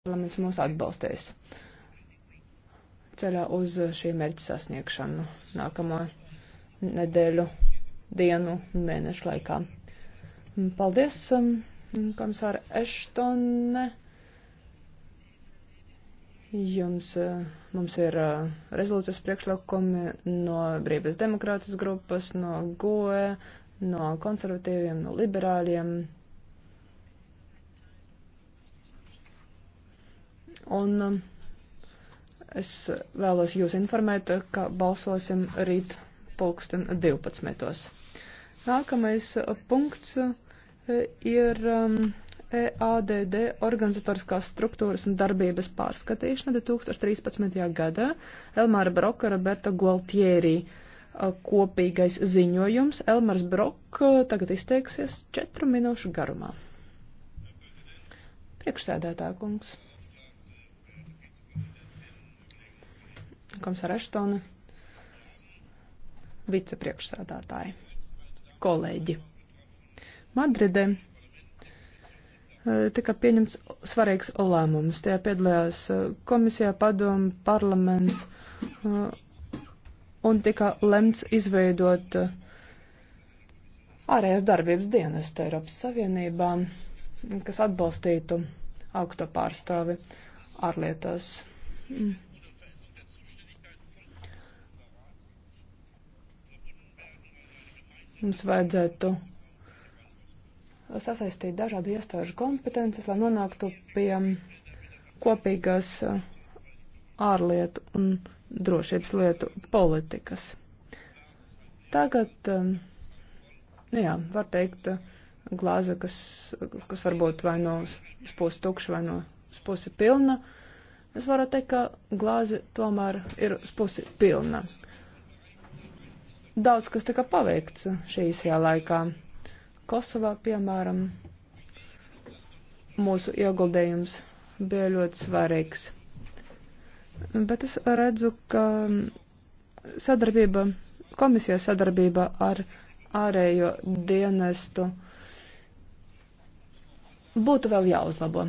parlaments mūs atbalstēs ceļā uz šī mērķa sasniegšanu nākamo nedēļu, dienu un mēnešu laikā. Paldies, um, komisāra Eštone. Jums, uh, mums ir uh, rezolūcijas priekšlikumi no Brīvības demokrātas grupas, no GOE, no konservatīviem, no liberāļiem. Un um, es vēlos jūs informēt, ka balsosim rīt pulksten 12. Nākamais uh, punkts uh, ir um, EADD organizatoriskās struktūras un darbības pārskatīšana 2013. gadā Elmāra Broka Roberta Gualtieri uh, kopīgais ziņojums. Elmars Brok tagad izteiksies četru minūšu garumā. Priekšsēdētā kungs. komisāra Eštona, vicepriekšsēdātāji, kolēģi. Madridē eh, tika pieņemts svarīgs lēmums. Tajā piedalījās eh, komisijā, padomu, parlaments eh, un tika lemts izveidot ārējās darbības dienestu Eiropas Savienībā, kas atbalstītu augsto pārstāvi ārlietās. Mm. Mums vajadzētu sasaistīt dažādu iestāžu kompetences, lai nonāktu pie kopīgās uh, ārlietu un drošības lietu politikas. Tagad, um, nu jā, var teikt, uh, glāze, kas, kas varbūt vai no spusi tukša, vai no spusi pilna. Es varu teikt, ka glāze tomēr ir spusi pilna. Daudz kas tika paveikts šī īsajā laikā. Kosovā, piemēram, mūsu ieguldējums bija ļoti svarīgs. Bet es redzu, ka sadarbība, komisijas sadarbība ar ārējo dienestu būtu vēl jāuzlabo.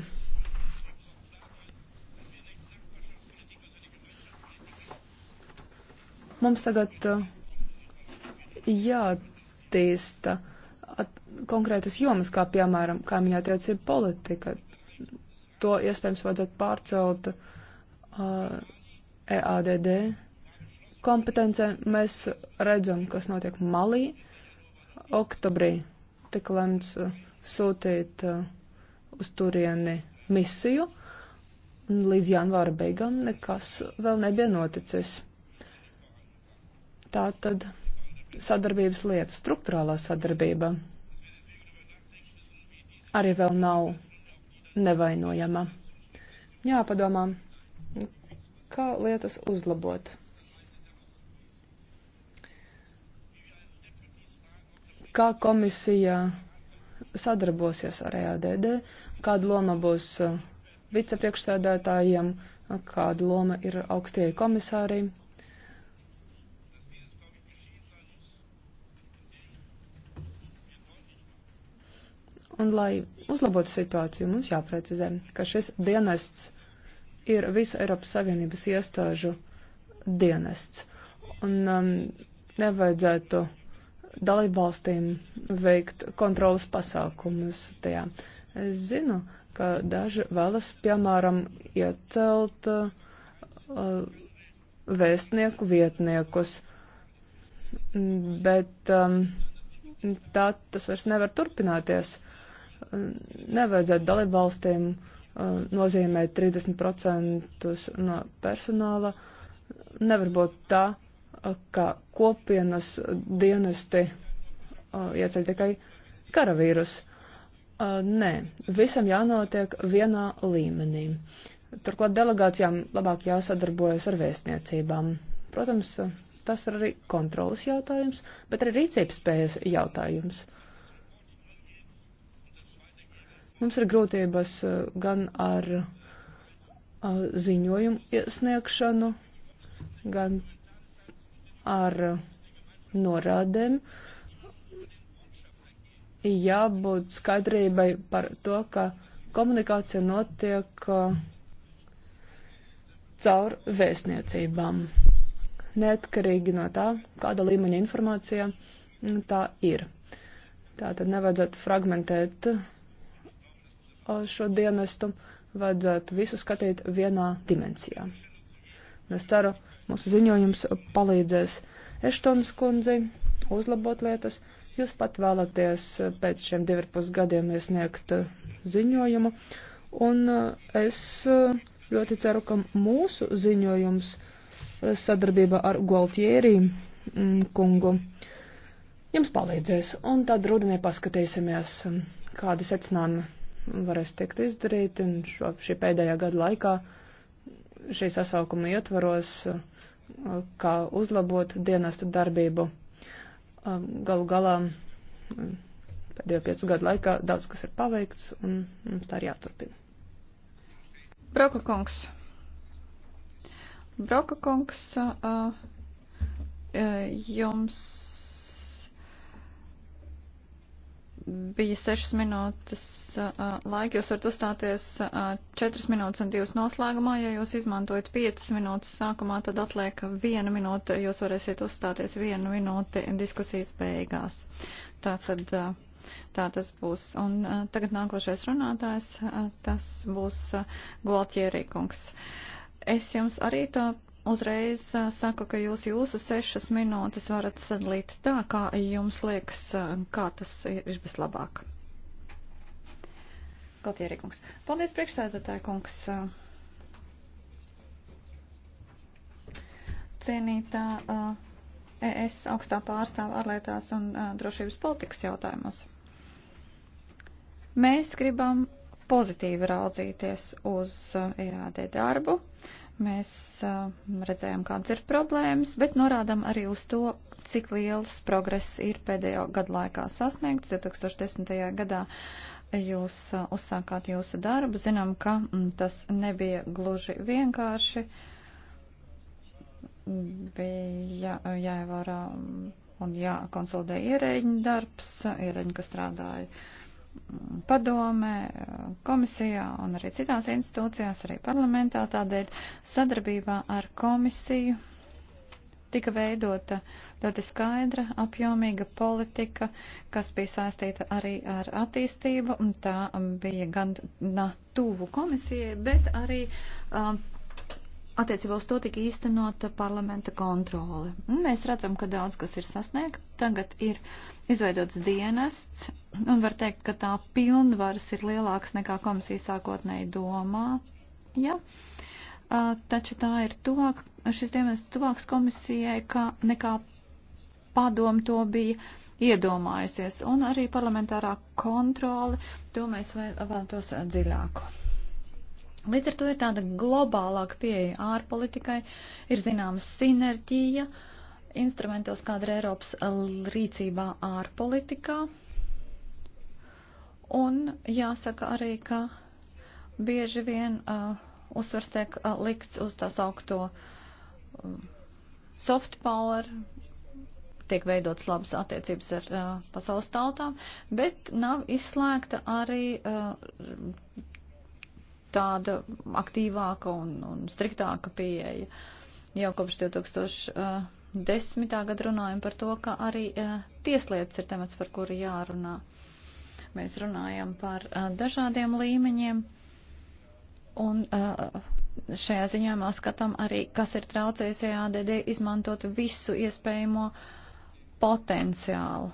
Mums tagad uh, jātīsta konkrētas jomas, kā piemēram kaimiņā tiecība politika. To iespējams vajadzētu pārcelt uh, EADD kompetencē. Mēs redzam, kas notiek Malī. Oktobrī tika lemts uh, sūtīt uh, uz turieni misiju. Līdz janvāra beigām nekas vēl nebija noticis. Tā tad sadarbības lieta, struktūrālā sadarbība arī vēl nav nevainojama. Jāpadomā, kā lietas uzlabot. Kā komisija sadarbosies ar EADD, kāda loma būs vicepriekšsēdētājiem, kāda loma ir augstie komisāriem. Un, lai uzlabotu situāciju, mums jāprecizē, ka šis dienests ir visu Eiropas Savienības iestāžu dienests. Un um, nevajadzētu dalībvalstīm veikt kontrolas pasākumus tajā. Es zinu, ka daži vēlas, piemēram, iecelt uh, vēstnieku vietniekus, bet um, tā tas vairs nevar turpināties. Uh, nevajadzētu dalībvalstīm uh, nozīmēt 30% no personāla. Nevar būt tā, uh, ka kopienas dienesti uh, ieceļ tikai karavīrus. Nē, visam jānotiek vienā līmenī. Turklāt delegācijām labāk jāsadarbojas ar vēstniecībām. Protams, tas ir arī kontrolas jautājums, bet arī rīcības spējas jautājums. Uh, Mums ir grūtības eh, gan ar eh, ziņojumu iesniegšanu, gan ar norādēm. Jābūt skaidrībai par to, ka komunikācija notiek eh, caur vēstniecībām, neatkarīgi no tā, kāda līmeņa informācija mm, tā ir. Tātad nevajadzētu fragmentēt šo dienestu vajadzētu visu skatīt vienā dimensijā. Un es ceru, mūsu ziņojums palīdzēs Eštons kundzei uzlabot lietas. Jūs pat vēlaties pēc šiem divarpus gadiem iesniegt ziņojumu, un es ļoti ceru, ka mūsu ziņojums sadarbība ar Gualtieri mm, kungu jums palīdzēs, un tad rudenī paskatīsimies, kādi secinājumi varēs tikt izdarīti, un šo, šī pēdējā gada laikā šī sasaukuma ietvaros, uh, kā uzlabot dienesta darbību. Um, galu galā mm, pēdējo piecu gadu laikā daudz kas ir paveikts, un mums tā ir jāturpina. Broka kungs. Broka kungs, uh, uh, jums bija 6 minūtes uh, laika, jūs varat uzstāties uh, 4 minūtes un 2 noslēgumā, ja jūs izmantojat 5 minūtes sākumā, tad atliek 1 minūte, jūs varēsiet uzstāties 1 minūte diskusijas beigās. Tā tad uh, tā tas būs. Un uh, tagad nākošais runātājs, uh, tas būs uh, Gualtierīkungs. Es jums arī to uzreiz saku, ka jūs jūsu sešas minūtes varat sadalīt tā, kā jums liekas, kā tas ir vislabāk. Galtieri kungs. Paldies, priekšsēdētāji kungs. Cienītā ES augstā pārstāva ārlietās un drošības politikas jautājumos. Mēs gribam pozitīvi raudzīties uz EAD darbu. Uh, Mēs uh, redzējām, kādas ir problēmas, bet norādām arī uz to, cik liels progress ir pēdējo gadu laikā sasniegts. 2010. gadā jūs uh, uzsākāt jūsu darbu. Zinām, ka mm, tas nebija gluži vienkārši. Bija jāievērā un jākonsolidē ierēģiņu darbs, ierēģiņu, kas strādāja uh, padomē, komisijā un arī citās institūcijās, arī parlamentā. Tādēļ sadarbībā ar komisiju tika veidota ļoti skaidra, apjomīga politika, kas bija saistīta arī ar attīstību, un tā bija gan na, tuvu komisijai, bet arī um, attiecībā uz to tika īstenota parlamenta kontrole. Mēs redzam, ka daudz kas ir sasniegts. Tagad ir izveidots dienests, un var teikt, ka tā pilnvaras ir lielāks nekā komisija sākotnēji domāja. Taču tā ir tuvāk, šis dienests tuvāks komisijai, kā nekā padom to bija iedomājusies, un arī parlamentārā kontrole, to mēs vēlētos dziļāku. Līdz ar to ir tāda globālāka pieeja ārpolitikai, ir zināma sinerģija instrumentos, kāda ir Eiropas rīcībā ārpolitikā. Un jāsaka arī, ka bieži vien uh, uzsvars tiek uh, likts uz tās augto um, soft power, tiek veidotas labas attiecības ar uh, pasaules tautām, bet nav izslēgta arī uh, tāda aktīvāka un, un striktāka pieeja. Jau kopš 2010. gada runājam par to, ka arī e, tieslietas ir temats, par kuru jārunā. Mēs runājam par e, dažādiem līmeņiem. Un e, šajā ziņā mēs skatām arī, kas ir traucējis EADD izmantot visu iespējamo potenciālu.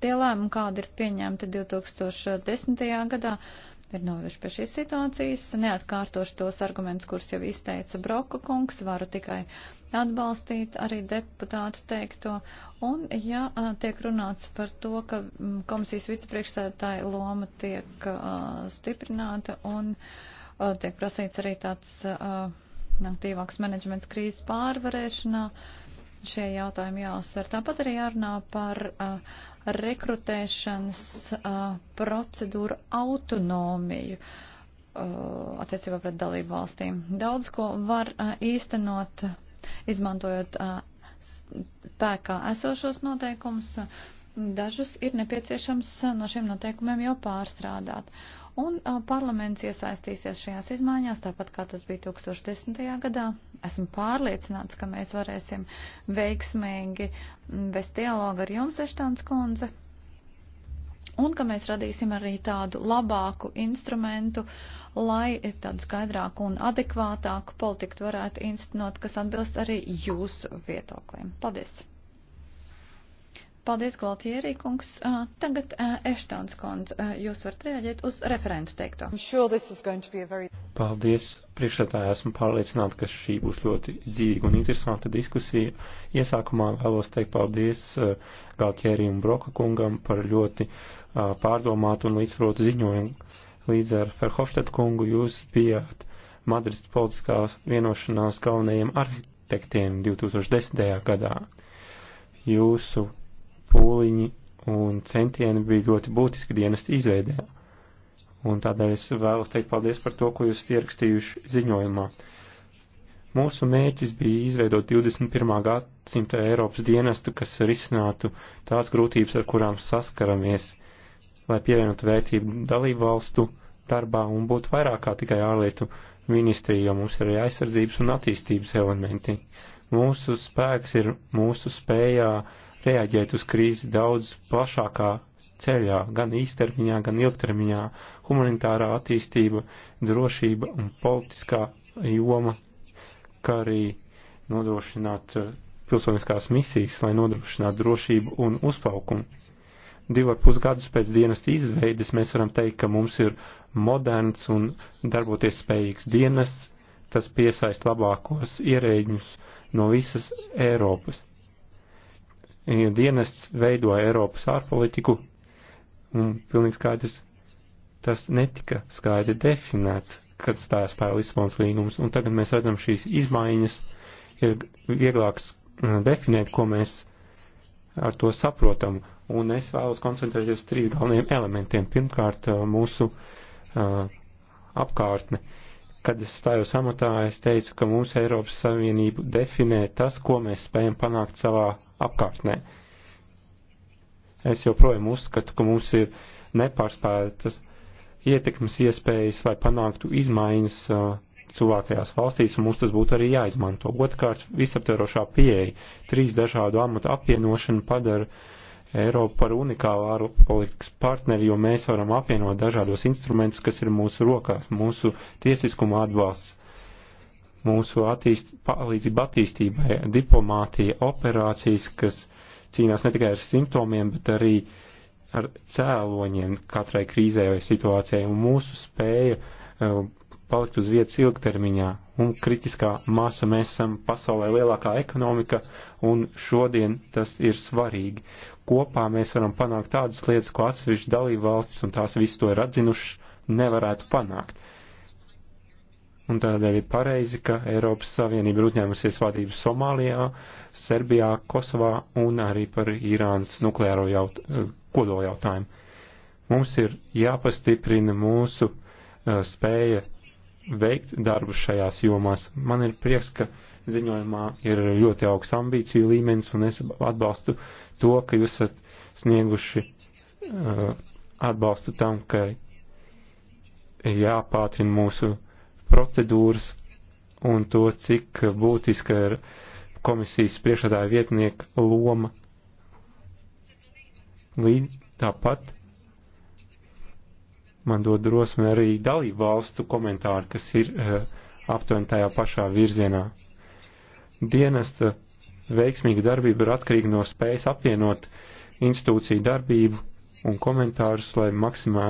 Tie lēmumi, kādi ir pieņemti 2010. gadā, uh, ir novirši pie šīs situācijas. Neatkārtošu tos argumentus, kurus jau izteica Broka kungs, varu tikai atbalstīt arī deputātu teikto. Un, ja tiek runāts par to, ka komisijas vicepriekšsēdētāja loma tiek uh, stiprināta un uh, tiek prasīts arī tāds uh, aktīvāks menedžments krīzes pārvarēšanā, uh, šie jautājumi jāuzsver. Tāpat arī jārunā par uh, rekrutēšanas uh, procedūru autonomiju uh, attiecībā pret dalību valstīm. Daudz ko var uh, īstenot, izmantojot uh, spēkā esošos noteikumus. Dažus ir nepieciešams uh, no šiem noteikumiem jau pārstrādāt. Uh, Un a, uh, parlaments iesaistīsies šajās izmaiņās, tāpat kā tas bija 2010. gadā. Esmu pārliecināts, ka mēs varēsim veiksmīgi vest dialogu ar jums, Eštāns kundze, un ka mēs radīsim arī tādu labāku instrumentu, lai tādu skaidrāku un adekvātāku politiku varētu instinot, kas atbilst arī jūsu viedoklim. Paldies! Paldies, Gualtierī kungs. Uh, tagad uh, Eštons kundz, uh, jūs varat reaģēt uz referentu teikto. Sure very... Paldies, priekšētāji, esmu pārliecināta, ka šī būs ļoti dzīvīga un interesanta diskusija. Iesākumā vēlos teikt paldies Gualtierī un Broka kungam par ļoti pārdomātu un līdzsvarotu ziņojumu. Līdz ar Ferhofstedt kungu jūs bijāt Madrids politiskās vienošanās galvenajiem arhitektiem 2010. gadā. Jūsu pūliņi un centieni bija ļoti būtiski dienas izveidē. Un tādēļ es vēlos teikt paldies par to, ko jūs ierakstījuši ziņojumā. Mūsu mēķis bija izveidot 21. gadsimta Eiropas dienestu, kas risinātu tās grūtības, ar kurām saskaramies, lai pievienotu vērtību dalību valstu darbā un būtu vairāk kā tikai ārlietu ministrija, jo mums ir arī aizsardzības un attīstības elementi. Mūsu spēks ir mūsu spējā uh, reaģēt uz krīzi daudz plašākā ceļā, gan īstermiņā, gan ilgtermiņā - humanitārā attīstība, drošība un politiskā joma, kā arī nodrošināt eh, pilsoniskās misijas, lai nodrošinātu drošību un uzplaukumu. Divu ar pusgadus pēc dienas izveides mēs varam teikt, ka mums ir moderns un darboties spējīgs dienas, tas piesaist labākos ierēģus no visas Eiropas dienests veido Eiropas ārpolitiku, un pilnīgi skaidrs, tas netika skaidri definēts, kad stājās spēlē Lisbonas līgums, un tagad mēs redzam šīs izmaiņas, ir vieglāks mm, definēt, ko mēs ar to saprotam, un es vēlos koncentrēties uz trīs galvenajiem elementiem. Pirmkārt, mūsu uh, apkārtne. Uh, Kad es stājos amatā, es teicu, ka mūsu Eiropas Savienību definē tas, ko mēs spējam panākt savā apkārtnē. Es joprojām uzskatu, ka mums ir nepārspētas ietekmes iespējas, lai panāktu izmaiņas uh, tuvākajās valstīs, un mums tas būtu arī jāizmanto. Otkārt, visaptverošā pieeja, trīs dažādu amatu apvienošana padara uh, Eiropu par unikālu ārpolitikas partneri, jo mēs varam apvienot dažādos instrumentus, kas ir mūsu rokās, mūsu tiesiskuma atbalsts, mūsu attīst, palīdzība attīstībai, diplomātija, operācijas, kas cīnās ne tikai ar simptomiem, bet arī ar cēloņiem katrai krīzē vai situācijai, un mūsu spēja uh, palikt uz vietas ilgtermiņā, un kritiskā masa mēs esam pasaulē lielākā ekonomika, un šodien tas ir svarīgi kopā mēs varam panākt tādas lietas, ko atsevišķi dalība valsts un tās visu to ir atzinušas, nevarētu panākt. Un tādēļ ir pareizi, ka Eiropas Savienība ir uzņēmusies vadību Somālijā, Serbijā, Kosovā un arī par Irānas nukleāro jaut eh, kodolu jautājumu. Mums ir jāpastiprina mūsu uh, spēja veikt darbu šajās jomās. Man ir prieks, ka ziņojumā ir ļoti augsts ambīciju līmenis un es atbalstu to, ka jūs esat snieguši uh, atbalstu tam, ka jāpātrina mūsu procedūras un to, cik būtiska ir komisijas priekšādāja vietnieka loma. Līdz tāpat man dod drosmi arī dalību valstu komentāri, kas ir uh, aptuveni tajā pašā virzienā. Dienesta veiksmīga darbība ir atkarīga no spējas apvienot institūciju darbību un komentārus, lai maksimā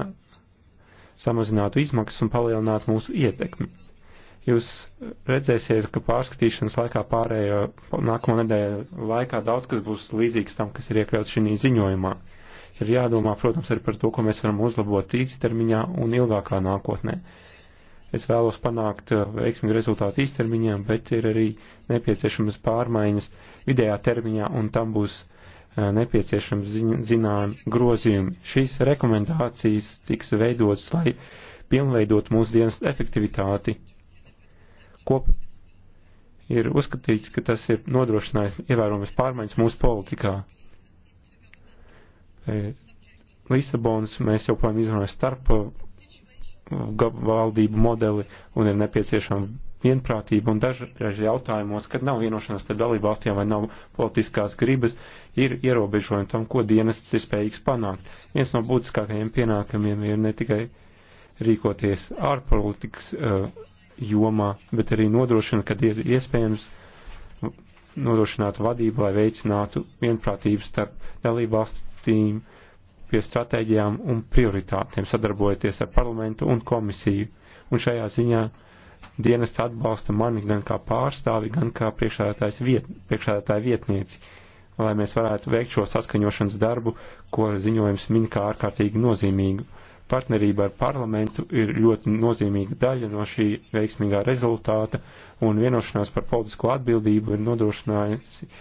samazinātu izmaksas un palielinātu mūsu ietekmi. Jūs redzēsiet, ka pārskatīšanas laikā pārējo nākamo nedēļu laikā daudz kas būs līdzīgs tam, kas ir iekļauts šī ziņojumā. Ir jādomā, protams, arī par to, ko mēs varam uzlabot īstermiņā un ilgākā nākotnē. Es vēlos panākt uh, veiksmīgu rezultātu īstermiņā, bet ir arī nepieciešamas pārmaiņas vidējā termiņā, un tam būs uh, nepieciešams zinām grozījumi. Šīs rekomendācijas tiks veidotas, lai pilnveidot mūsu dienas efektivitāti. Kop ir uzskatīts, ka tas ir nodrošinājis ievērojamas pārmaiņas mūsu politikā. Lisabonas mēs joprojām izrunājam starp valdību modeli un ir nepieciešama vienprātība un dažreiz jautājumos, kad nav vienošanās starp dalību valstīm vai nav politiskās gribas, ir ierobežojumi tam, ko dienests ir spējīgs panākt. Viens no būtiskākajiem pienākumiem ir ne tikai rīkoties ārpolitikas uh, jomā, bet arī nodrošina, kad ir iespējams nodrošināt vadību, lai veicinātu vienprātību starp dalību valstīm uh, pie stratēģijām un prioritātiem, sadarbojoties ar parlamentu un komisiju. Un šajā ziņā dienas atbalsta mani gan kā pārstāvi, gan kā priekšādātāja viet, vietnieci, lai mēs varētu veikt šo saskaņošanas darbu, ko ziņojums min kā ārkārtīgi nozīmīgu. Partnerība ar parlamentu ir ļoti nozīmīga daļa no šī veiksmīgā rezultāta, un vienošanās par politisko atbildību ir nodrošinājusi uh,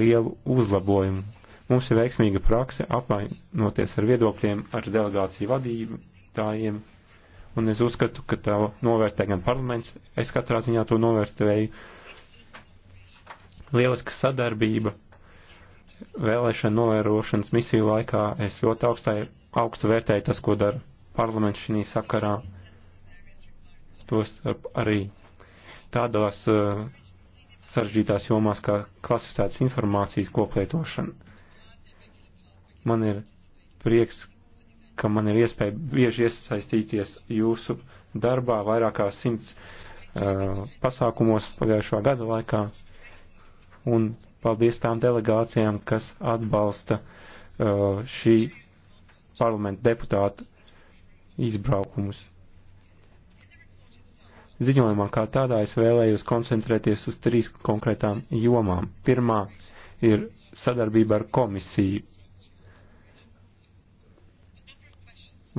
lielu uzlabojumu Mums ir veiksmīga prakse apvainoties ar viedokļiem, ar delegāciju vadītājiem, un es uzskatu, ka tā novērtē gan parlaments, es katrā ziņā to novērtēju. Lieliska sadarbība vēlēšana novērošanas misiju laikā es ļoti augstāju, augstu vērtēju tas, ko dara parlaments šī sakarā. Tos arī tādās uh, eh, saržģītās jomās kā klasificētas informācijas koplietošana. Man ir prieks, ka man ir iespēja bieži iesaistīties jūsu darbā vairākā simts uh, pasākumos pagājušā gada laikā. Un paldies tām delegācijām, kas atbalsta uh, šī parlamenta deputāta izbraukumus. Ziņojumā kā tādā es vēlējos koncentrēties uz trīs konkrētām jomām. Pirmā ir sadarbība ar komisiju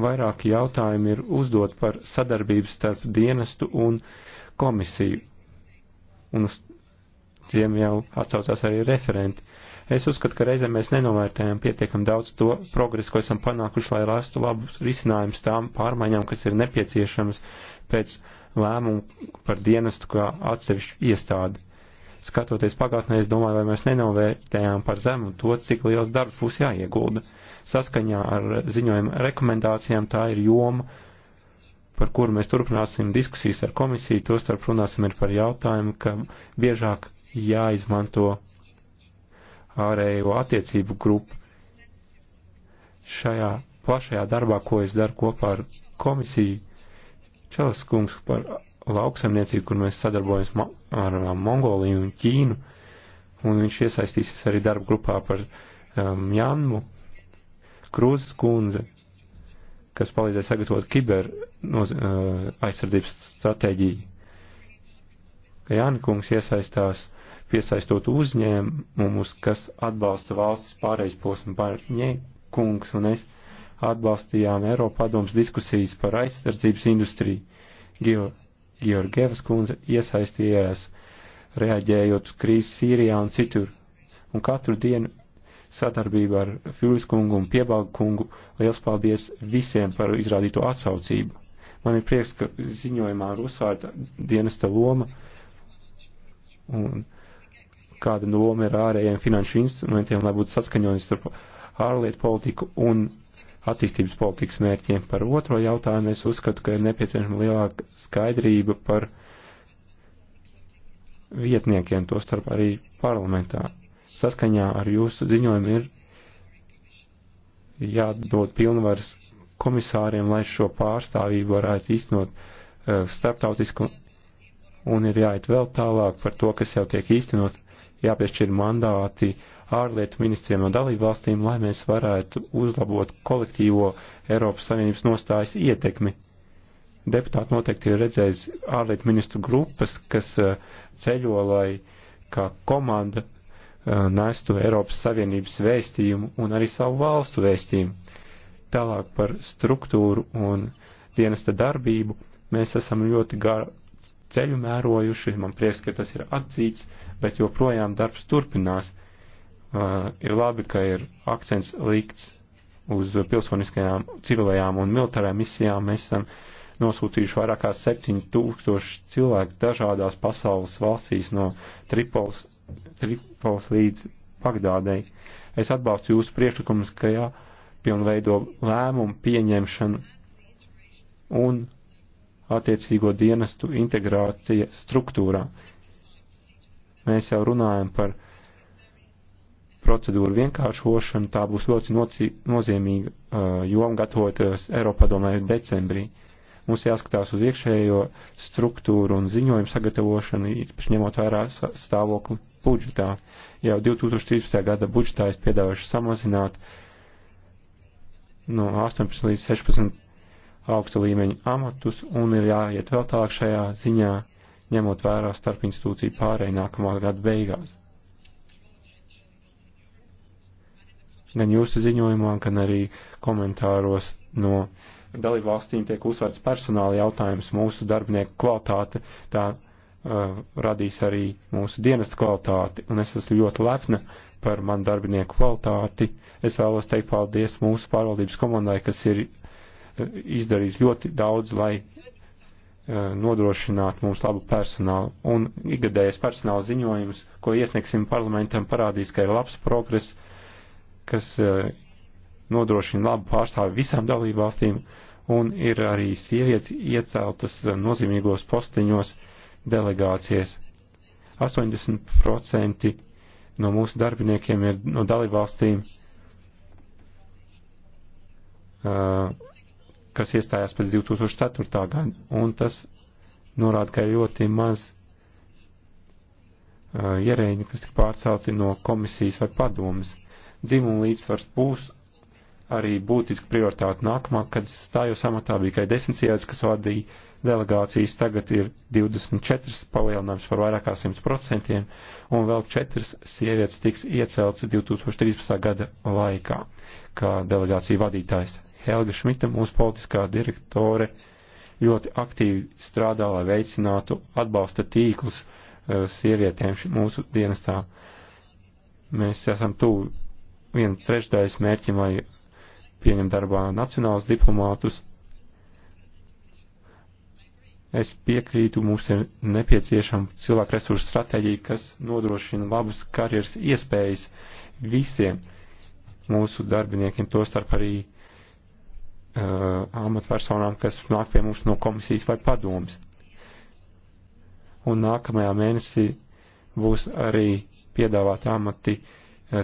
vairāki jautājumi ir uzdot par sadarbību starp dienestu un komisiju. Un uz tiem jau atsaucās arī referenti. Es uzskatu, ka reizēm mēs nenovērtējam pietiekam daudz to progresu, ko esam panākuši, lai rastu labus risinājumus tām pārmaiņām, kas ir nepieciešamas pēc lēmumu par dienestu kā atsevišķu iestādi. Skatoties pagātnē, es domāju, vai mēs nenovērtējām par zemu to, cik liels darbs būs jāiegulda. Saskaņā ar ziņojuma rekomendācijām tā ir joma, par kuru mēs turpināsim diskusijas ar komisiju, tostarp runāsim ir par jautājumu, ka biežāk jāizmanto ārējo attiecību grupu šajā plašajā darbā, ko es daru kopā ar komisiju. Čelas kungs par lauksaimniecību, kur mēs sadarbojamies ar Mongoliju un Ķīnu, un viņš iesaistīsies arī darba grupā par um, Janmu, Krūzes kundze, kas palīdzēja sagatavot kiber noz, uh, aizsardzības stratēģiju. Ka Jāni kungs iesaistās piesaistot uzņēmumus, kas atbalsta valsts pārējais posmu pārņē kungs un es atbalstījām Eiropadoms diskusijas par aizsardzības industriju. Geo, Georgievas kundze iesaistījās reaģējot uz krīzi Sīrijā un citur. Un katru dienu sadarbību ar Fjūras kungu un Piebalgu kungu. Liels paldies visiem par izrādīto atsaucību. Man ir prieks, ka ziņojumā ir uzsvērta dienesta loma un kāda loma ir ārējiem finanšu instrumentiem, lai būtu saskaņojums starp ārlietu politiku un attīstības politikas mērķiem. Par otro jautājumu es uzskatu, ka ir nepieciešama lielāka skaidrība par vietniekiem, to starp arī parlamentā saskaņā ar jūsu ziņojumu ir jādod pilnvaras komisāriem, lai šo pārstāvību varētu iznot uh, eh, starptautisku un ir jāiet vēl tālāk par to, kas jau tiek īstenot, jāpiešķir mandāti ārlietu ministriem no dalību valstīm, lai mēs varētu uzlabot kolektīvo Eiropas Savienības nostājas ietekmi. Deputāti noteikti ir redzējis ārlietu ministru grupas, kas eh, ceļo, lai kā komanda Uh, nestu Eiropas Savienības vēstījumu un arī savu valstu vēstījumu. Tālāk par struktūru un dienesta darbību mēs esam ļoti garu ceļu mērojuši, man prieks, ka tas ir atzīts, bet joprojām darbs turpinās. Uh, ir labi, ka ir akcents likts uz pilsoniskajām, civilajām un militārajām misijām. Mēs esam nosūtījuši vairāk kā 7000 cilvēku dažādās pasaules valstīs no Tripols Tripols līdz Bagdādei. Es atbalstu jūsu priekšlikumus, ka jāpilnveido lēmumu pieņemšanu un attiecīgo dienestu integrācija struktūrā. Mēs jau runājam par procedūru vienkāršošanu, tā būs ļoti nozīmīga uh, joma gatavoties Eiropadomē decembrī. Mums jāskatās uz iekšējo struktūru un ziņojumu sagatavošanu, īpaši ņemot vērā stāvokli budžetā. Jau 2013. gada budžetā es piedāvāšu samazināt no 18 līdz 16 augsta līmeņa amatus un ir jāiet vēl tālāk šajā ziņā, ņemot vērā starp institūciju pārēj nākamā gada beigās. Gan jūsu ziņojumā, gan arī komentāros no dalībvalstīm tiek uzsvērts personāla jautājums, mūsu darbinieku kvalitāte, tā uh, radīs arī mūsu dienesta kvalitāti, un es esmu ļoti lepna par manu darbinieku kvalitāti. Es vēlos teikt paldies mūsu pārvaldības komandai, kas ir uh, izdarījis ļoti daudz, lai uh, nodrošinātu mums labu personālu. Un ikgadējais personāla ziņojums, ko iesniegsim parlamentam, parādīs, ka ir labs progress, kas uh, nodrošina labu pārstāvi visām dalībvalstīm, un ir arī sievietes ieceltas nozīmīgos postiņos. Uh, delegācijas. 80% no mūsu darbiniekiem ir no dalībvalstīm, kas iestājās pēc 2004. gada, un tas norāda, ka ir ļoti maz ierēģi, kas tik pārcelti no komisijas vai padomas. Dzimuma līdzsvars būs arī būtiska prioritāte nākamā, kad stājos amatā bija tikai desmit sievietes, kas vadīja delegācijas tagad ir 24 palielinājums par vairāk kā 100%, un vēl 4 sievietes tiks iecelts 2013. gada laikā, kā delegācija vadītājs. Helga Šmita, mūsu politiskā direktore, ļoti aktīvi strādā, lai veicinātu atbalsta tīklus eh, sievietēm mūsu dienestā. Mēs esam tuvu vienu trešdaļas mērķim, lai pieņem darbā nacionālus diplomātus, Es piekrītu, mums ir nepieciešama cilvēku resursu stratēģija, kas nodrošina labus karjeras iespējas visiem mūsu darbiniekiem, tostarp arī uh, amatpersonām, kas nāk pie mums no komisijas vai padomas. Un nākamajā mēnesī būs arī piedāvāti amati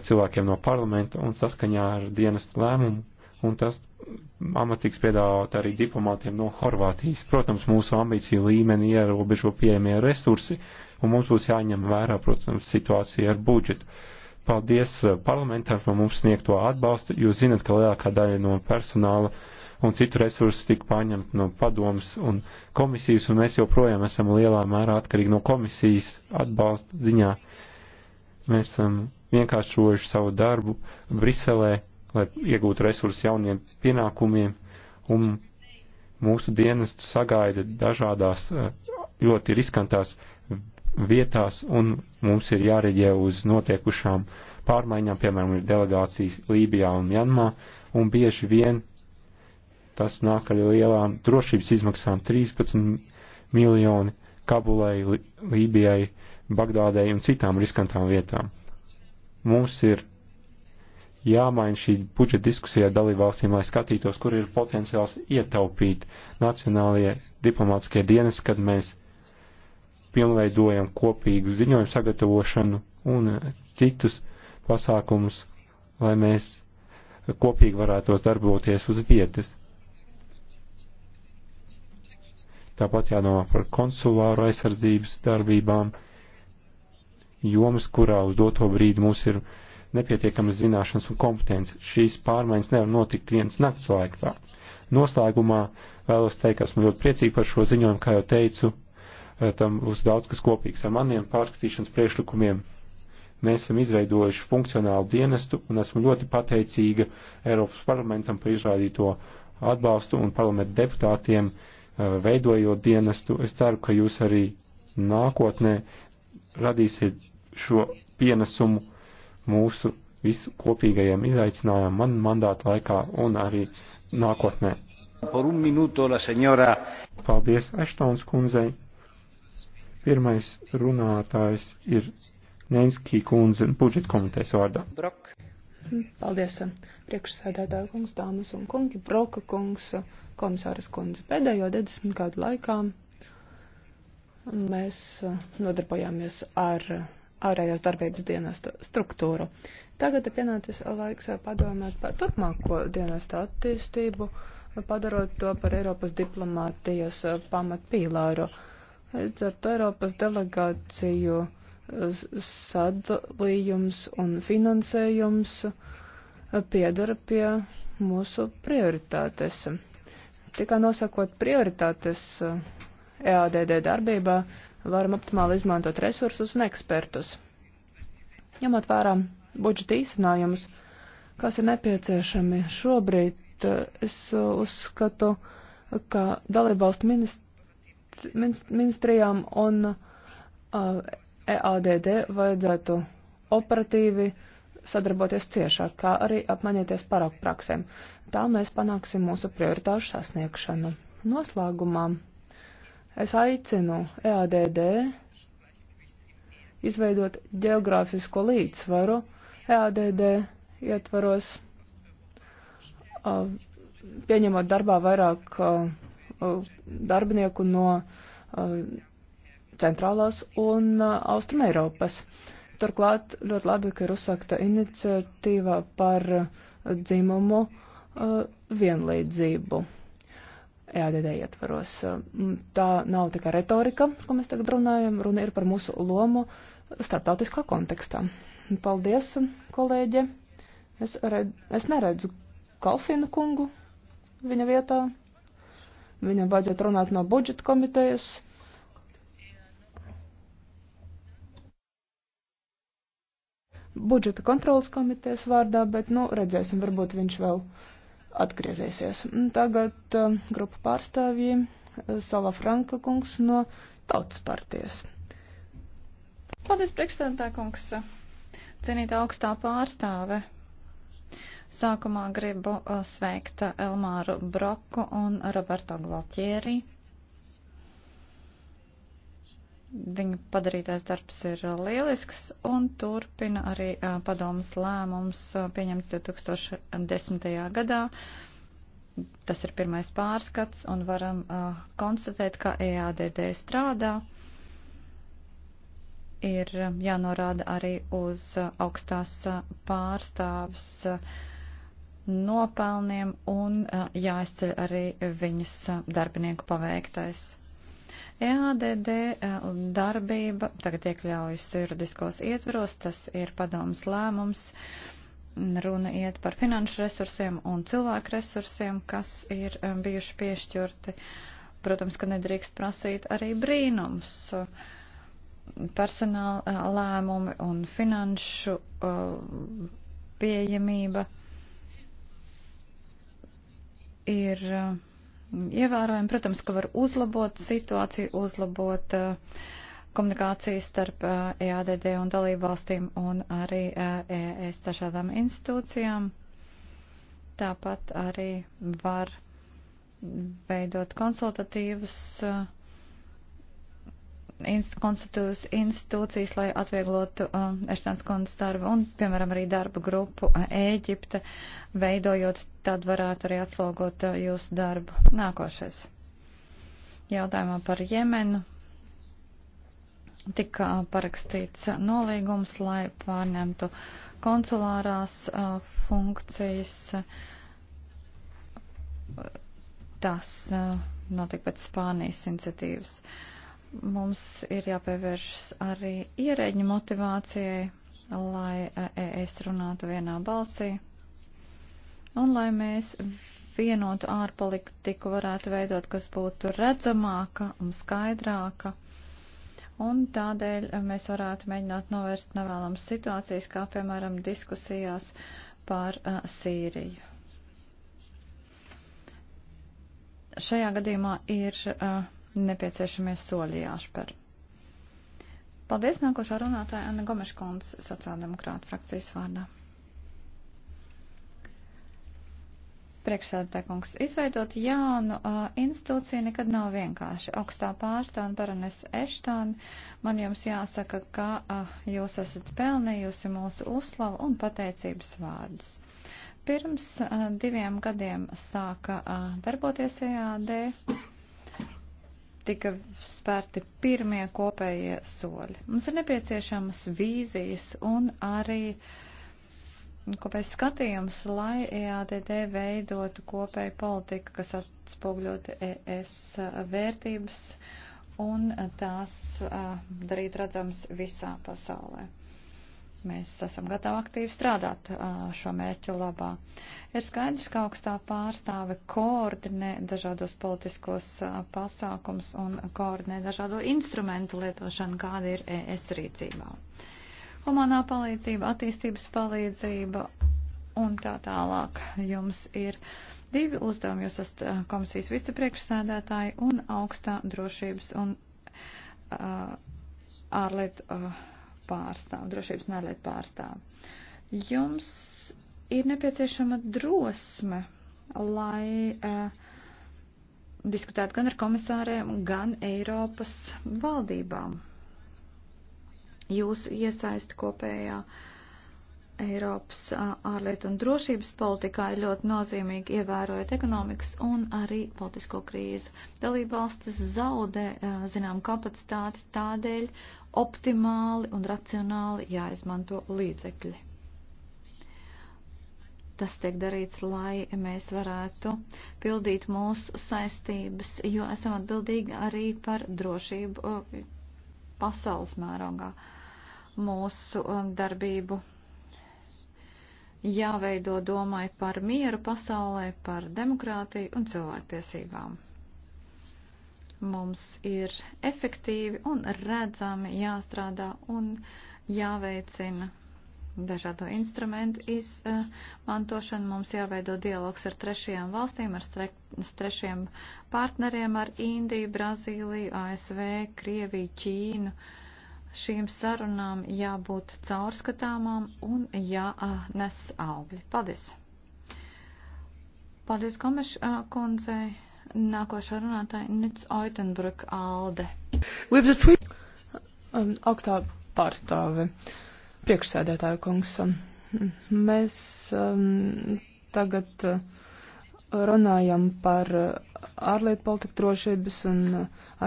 cilvēkiem no parlamenta un saskaņā ar dienas lēmumu, un tas amats tiks piedāvāt arī diplomātiem no Horvātijas. Protams, mūsu ambīciju līmeni ierobežo pieejamie resursi, un mums būs jāņem vērā, protams, situācija ar budžetu. Paldies eh, parlamentam par mums sniegto atbalstu. Jūs zinat, ka lielākā daļa no personāla un citu resursu tika paņemt no padomas un komisijas, un mēs joprojām esam lielā mērā atkarīgi no komisijas atbalsta ziņā. Mēs esam vienkāršojuši savu darbu Briselē lai iegūtu resursus jauniem pienākumiem, un mūsu dienestu sagaida dažādās eh, ļoti riskantās vietās, un mums ir jāreģē uz notiekušām pārmaiņām, piemēram, ir delegācijas Lībijā un Janmā, un bieži vien tas nāk ar lielām drošības izmaksām 13 miljoni Kabulai, Lībijai, Bagdādai un citām riskantām vietām. Mums ir jāmaina šī budžeta diskusija ar dalībvalstīm, lai skatītos, kur ir potenciāls ietaupīt nacionālajie diplomātskie dienas, kad mēs pilnveidojam kopīgu ziņojumu sagatavošanu un citus pasākumus, lai mēs kopīgi varētu darboties uz vietas. Tāpat jādomā par konsulāru aizsardzības darbībām, jomas, kurā uz doto brīdi mums ir uh, nepietiekamas zināšanas un kompetences. Šīs pārmaiņas nevar notikt viens nakts laikā. Noslēgumā vēlos teikt, ka esmu ļoti priecīgi par šo ziņojumu, kā jau teicu, eh, tam būs daudz kas kopīgs ar maniem pārskatīšanas priekšlikumiem. Mēs esam izveidojuši funkcionālu dienestu un esmu ļoti pateicīga Eiropas parlamentam par izrādīto atbalstu un parlamentu deputātiem eh, veidojot dienestu. Es ceru, ka jūs arī nākotnē radīsiet šo pienesumu mūsu visu kopīgajiem izaicinājumiem man mandāta laikā un arī nākotnē. Por un minuto la señora. Paldies Eštons kundzei. Pirmais runātājs ir Nenskī kundze budžeta komitejas vārdā. Brok. Paldies, priekšsēdētāja kungs, dāmas un kungi, Broka kungs, komisāras kundze. Pēdējo 20 gadu laikā mēs eh, nodarbojāmies ar ārējās darbības dienesta struktūru. Tagad ir pienācis laiks padomāt par turpmāko dienesta attīstību, padarot to par Eiropas diplomātijas pamatpīlāru. Līdz ar to Eiropas delegāciju sadalījums un finansējums piedara pie mūsu prioritātes. Tikai nosakot prioritātes EADD eh, e darbībā, varam optimāli izmantot resursus un ekspertus. Ņemot vērā budžeta īstenojumus, kas ir nepieciešami šobrīd, es uzskatu, ka dalībvalstu ministrijām un EADD vajadzētu operatīvi sadarboties ciešāk, kā arī apmainīties paraugu praksēm. Tā mēs panāksim mūsu prioritāšu sasniegšanu. Noslēgumā Es aicinu EADD izveidot geogrāfisko līdzsvaru EADD ietvaros, pieņemot darbā vairāk darbinieku no centrālās un austrum Eiropas. Turklāt ļoti labi, ka ir uzsākta iniciatīva par dzimumu vienlīdzību. EADD ietvaros. Mm, tā nav tikai retorika, ko mēs tagad runājam, runa ir par mūsu lomu starptautiskā kontekstā. Paldies, kolēģe. Es, red, es neredzu Kalfinu kungu viņa vietā. Viņam vajadzētu runāt no budžeta komitejas. Budžeta kontrolas komitejas vārdā, bet, nu, redzēsim, varbūt viņš vēl uh, atgriezīsies. Tagad uh, grupu pārstāvji uh, Sala Franka kungs no Tautas partijas. Paldies, priekšstādātā kungs, cienīta augstā pārstāve. Sākumā gribu uh, sveikt Elmāru Broku un Roberto Glatjeri. Viņa padarītais darbs ir lielisks un turpina arī padomas lēmums pieņemts 2010. gadā. Tas ir pirmais pārskats un varam konstatēt, ka EADD strādā. Ir jānorāda arī uz augstās pārstāvs nopelniem un jāizceļ arī viņas darbinieku paveiktais. EADD e, darbība tagad iekļaujas juridiskos ietvaros, tas ir padomas lēmums. Runa iet par finanšu resursiem un cilvēku resursiem, kas ir e, bijuši piešķirti. Protams, ka nedrīkst prasīt arī brīnums. E, personāla lēmumi un finanšu pieejamība ir. Uh, ievērojami. Protams, ka var uzlabot situāciju, uzlabot eh, komunikāciju starp EADD eh, e un dalību valstīm un arī ES eh, e dažādām institūcijām. Tāpat arī var veidot konsultatīvus uh, konstitūcijas institūcijas, lai atvieglotu uh, um, Eštons kundzes darbu un, piemēram, arī darba grupu uh, Ēģipte veidojot, tad varētu arī atslogot uh, jūsu darbu. Nākošais. Jautājumā par Jemenu. Tika uh, parakstīts nolīgums, lai pārņemtu konsulārās uh, funkcijas. Tas uh, notika pēc Spānijas iniciatīvas. Uh, Mums ir jāpievēršas arī ierēģņu motivācijai, lai es eh, e runātu vienā balsī un lai mēs vienotu ārpolitiku varētu veidot, kas būtu redzamāka un skaidrāka. Un tādēļ eh, mēs varētu mēģināt novērst nevēlamas situācijas, kā piemēram diskusijās par uh, Sīriju. Šajā gadījumā ir uh, nepieciešamie soļi jāspēr. Paldies nākošā runātāja Anna Gomeškons, sociāldemokrāta frakcijas vārdā. Priekšsēdētāj kungs, izveidot jaunu uh, institūciju nekad nav vienkārši. Augstā pārstāvja Baranes Eštāna, man jums jāsaka, ka uh, jūs esat pelnījusi mūsu uzslavu un pateicības vārdus. Pirms uh, diviem gadiem sāka uh, darboties EAD tika spērti pirmie kopējie soļi. Mums ir nepieciešamas vīzijas un arī kopējs skatījums, lai EADD veidotu kopēju politiku, kas atspogļotu ES vērtības un tās darīt redzams visā pasaulē. Mēs esam gatavi aktīvi strādāt šo mērķu labā. Ir skaidrs, ka augstā pārstāve koordinē dažādos politiskos pasākums un koordinē dažādo instrumentu lietošanu, kāda ir ES rīcībā. Humanā palīdzība, attīstības palīdzība un tā tālāk jums ir divi uzdevumi. Jūs esat komisijas vicepriekšsēdētāji un augstā drošības un uh, ārlietu. Uh, pārstāvu, drošības un ārlietu pārstāvu. Jums ir nepieciešama drosme, lai uh, diskutētu gan ar komisāriem, gan Eiropas valdībām. Jūsu iesaisti kopējā uh, Eiropas ārlietu un drošības politikā ir ļoti nozīmīgi ievērojot ekonomikas un arī politisko krīzi. Dalībvalstis zaudē, zinām, kapacitāti tādēļ optimāli un racionāli jāizmanto līdzekļi. Tas tiek darīts, lai mēs varētu pildīt mūsu saistības, jo esam atbildīgi arī par drošību pasaules mērogā mūsu darbību jāveido domai par mieru pasaulē, par demokrātiju un cilvēktiesībām. Mums ir efektīvi un redzami jāstrādā un jāveicina dažādo instrumentu izmantošanu. Mums jāveido dialogs ar trešajām valstīm, ar strek, trešajiem partneriem, ar Indiju, Brazīliju, ASV, Krieviju, Ķīnu. Uh, šīm sarunām jābūt caurskatāmām un jānes augļi. Paldies! Paldies, Komeša kundzei! Nākošā runātāja Nits Oitenbruk Alde. Um, augstā pārstāve, priekšsēdētāja kungs, um, mēs um, tagad runājam par ārlietu politiku, drošības un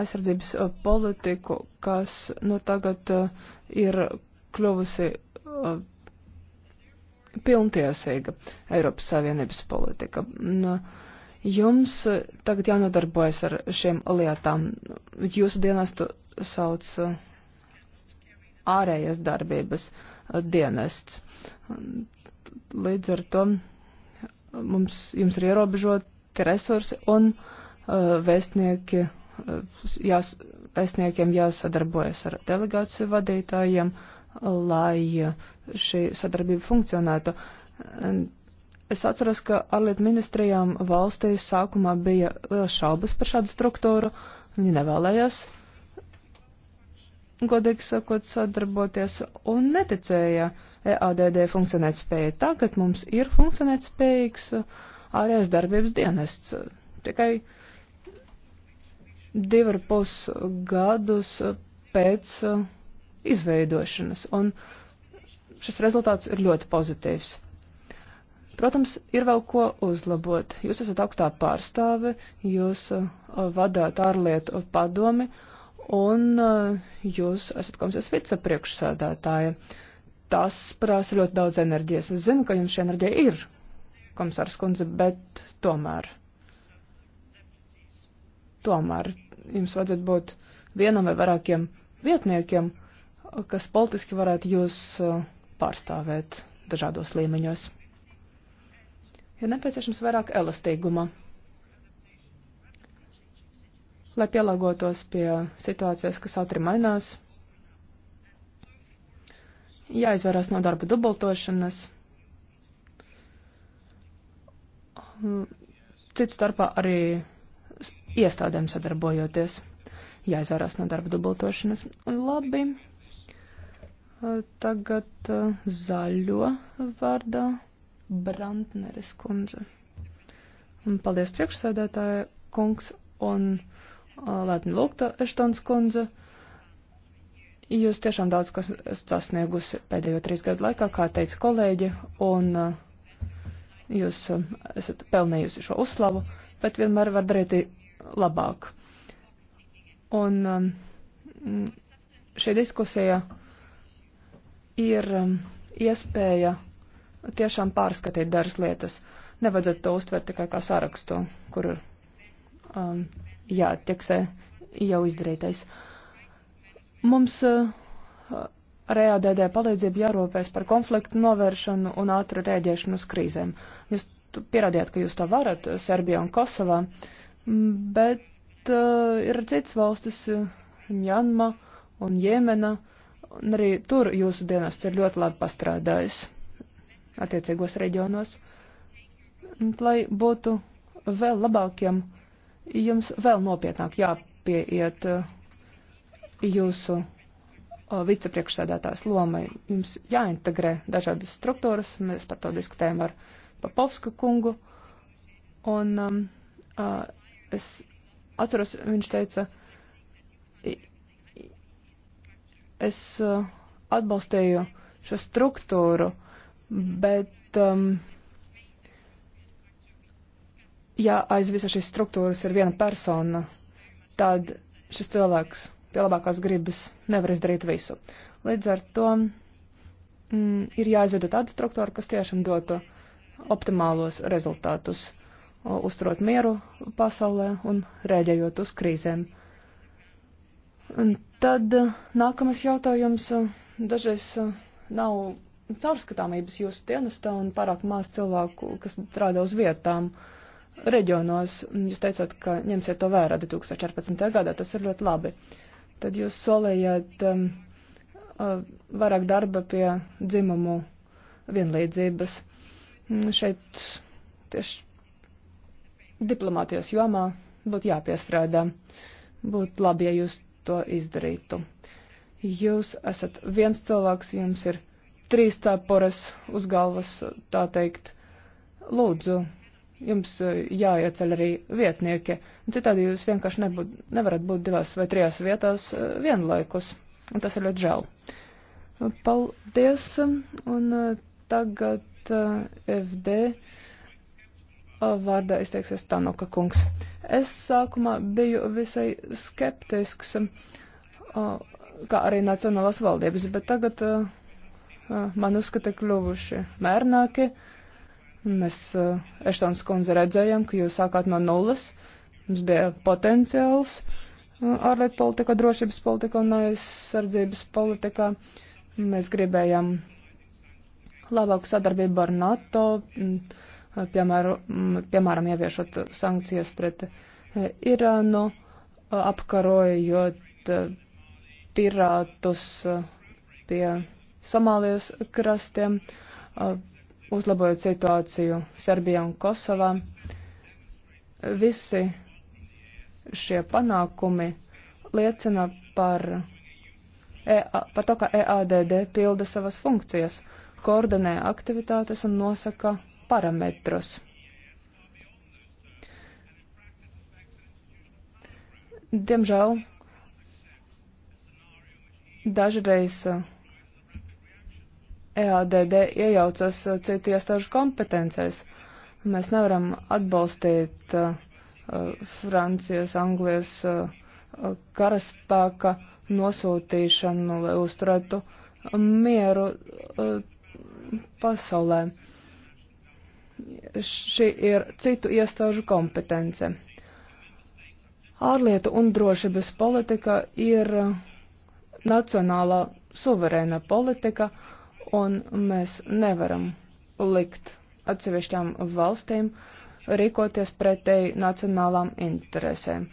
aizsardzības uh, politiku, kas nu tagad uh, ir kļuvusi uh, pilntiesīga Eiropas Savienības politika. Jums tagad jānodarbojas ar šiem lietām. Jūsu dienestu sauc ārējas darbības dienests. Līdz ar to mums, jums ir ierobežot noteikti resursi un uh, vēstnieki, uh, jās, vēstniekiem jāsadarbojas ar delegāciju vadītājiem, lai uh, šī sadarbība funkcionētu. Es atceros, ka ārlietu ministrijām valstīs sākumā bija liels šaubas par šādu struktūru. Viņi nevēlējās godīgi sakot, sadarboties un neticēja EADD funkcionēt spēju. Tagad mums ir funkcionēt spējīgs uh, ārējais darbības dienests. Tikai divi ar pus gadus pēc izveidošanas, un šis rezultāts ir ļoti pozitīvs. Protams, ir vēl ko uzlabot. Jūs esat augstā pārstāve, jūs vadāt ārlietu padomi, un jūs esat komisijas vicepriekšsēdētāja. Tas prasa ļoti daudz enerģijas. Es zinu, ka jums šī enerģija ir, komisārs kundze, bet tomēr, tomēr jums vajadzētu būt vienam vai vairākiem vietniekiem, kas politiski varētu jūs uh, pārstāvēt dažādos līmeņos. Ir nepieciešams vairāk elastīguma, lai pielāgotos pie situācijas, kas ātri mainās, jāizvairās no darba dubultošanas. Cits starpā arī iestādēm sadarbojoties, jāizvērās no darba dubultošanas. Labi. Tagad zaļo vārdā Brantneres kundze. Un paldies priekšsēdētāja kungs un Lētni Lūgta Eštons kundze. Jūs tiešām daudz kas sasniegusi pēdējo trīs gadu laikā, kā teica kolēģi, un uh, Jūs um, esat pelnījusi šo uzslavu, bet vienmēr var darīt labāk. Un um, šī diskusija ir um, iespēja tiešām pārskatīt dažas lietas. Nevajadzētu to uztvert tikai kā sarakstu, kur um, jāatieksē jau izdarītais. Mums uh, READD palīdzību jārūpēs par konfliktu novēršanu un ātru rēģēšanu uz krīzēm. Jūs pierādījāt, ka jūs to varat Serbijā un Kosovā, bet uh, ir cits valstis, Mjanma un Jēmena, un arī tur jūsu dienests ir ļoti labi pastrādājis attiecīgos reģionos. Lai būtu vēl labākiem, jums vēl nopietnāk jāpieiet uh, jūsu vicepriekšsēdētājs loma. Jums jāintegrē dažādas struktūras, mēs par to diskutējam ar Papovska kungu. Un um, uh, es atceros, viņš teica, es uh, atbalstīju šo struktūru, bet um, ja aiz visa šīs struktūras ir viena persona, tad šis cilvēks pie labākās gribas nevar izdarīt visu. Līdz ar to mm, ir jāizveido tāda struktūra, kas tiešām dotu optimālos rezultātus, uzturot mieru pasaulē un rēģējot uz krīzēm. Un tad e, nākamais jautājums e, dažreiz e, nav caurskatāmības jūsu dienestā un pārāk maz cilvēku, kas strādā uz vietām reģionos. Jūs teicāt, ka ņemsiet to vērā 2014. gadā, tas ir ļoti labi. Uh, tad jūs solījāt um, uh, vairāk darba pie dzimumu vienlīdzības. Mm, šeit tieši diplomātijas jomā būtu jāpiestrādā. Būtu labi, ja jūs to izdarītu. Jūs esat viens cilvēks, jums ir trīs cepures uz galvas, tā teikt. Lūdzu, jums e, jāieceļ arī vietnieki. Citādi jūs vienkārši nebūt, nevarat būt divās vai trijās vietās e, vienlaikus. Un tas ir ļoti žēl. Paldies. Un e, tagad FD vārdā izteiksies Tanoka kungs. Es sākumā biju visai skeptisks, kā arī nacionālās valdības, bet tagad man uzskata kļuvuši mērnāki. Uh, Mēs eh, Eštons kundze redzējām, ka jūs sākāt no nulles. Mums bija potenciāls eh, ārlietu politika, drošības politika un aizsardzības politika. Mēs gribējām labāku sadarbību ar NATO, mm, piemēram, mm, piemēram ieviešot sankcijas pret eh, Irānu, apkarojot pirātus pie Somālijas krastiem, uzlabojot situāciju Serbijā un Kosovā. Visi šie panākumi liecina par, EA, par to, ka EADD pilda savas funkcijas, koordinē aktivitātes un nosaka parametrus. Diemžēl dažreiz uh, EADD iejaucas uh, citu iestāžu kompetencēs. Mēs nevaram atbalstīt uh, uh, Francijas, Anglijas uh, karaspēka nosūtīšanu, lai uzturētu mieru uh, pasaulē. Šī ir citu iestāžu kompetence. Ārlietu un drošības politika ir uh, nacionālā suverēna politika. Uh, un mēs nevaram likt atsevišķām valstīm rīkoties pretēji nacionālām interesēm.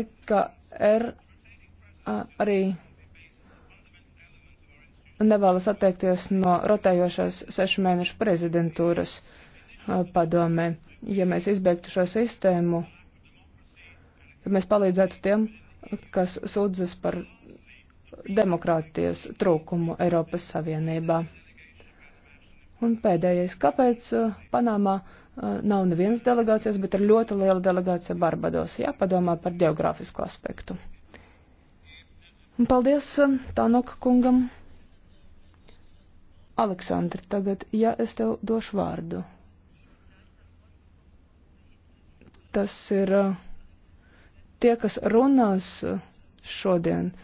EKR arī nevēlas atteikties no rotējošās sešu mēnešu prezidentūras padomē. Ja mēs izbeigtu šo sistēmu, tad mēs palīdzētu tiem, kas sūdzas par demokrātijas trūkumu Eiropas Savienībā. Un pēdējais, kāpēc uh, Panamā uh, nav nevienas delegācijas, bet ir ļoti liela delegācija Barbados. Jāpadomā par geogrāfisko aspektu. Un paldies uh, Tanoka kungam. Aleksandri, tagad, ja es tev došu vārdu. Tas ir tie, kas runās šodien,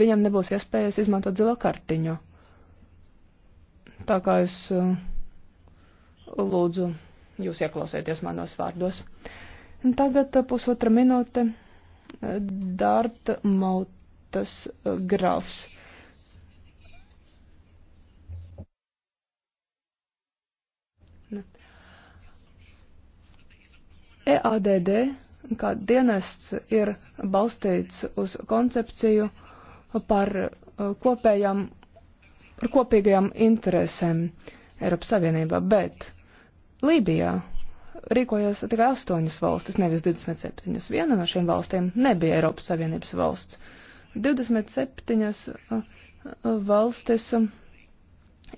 viņam nebūs iespējas izmantot zilo kartiņu. Tā kā es uh, lūdzu jūs ieklausieties manos vārdos. Tagad uh, pusotra minūte uh, Dārta Mautas grafs. EADD e kā dienests ir balstīts uz koncepciju, uh, par eh, kopējām, par kopīgajām interesēm Eiropas Savienībā, bet Lībijā rīkojās tikai astoņas valstis, nevis 27. Viena no šīm valstīm nebija Eiropas Savienības valsts. 27 eh, valstis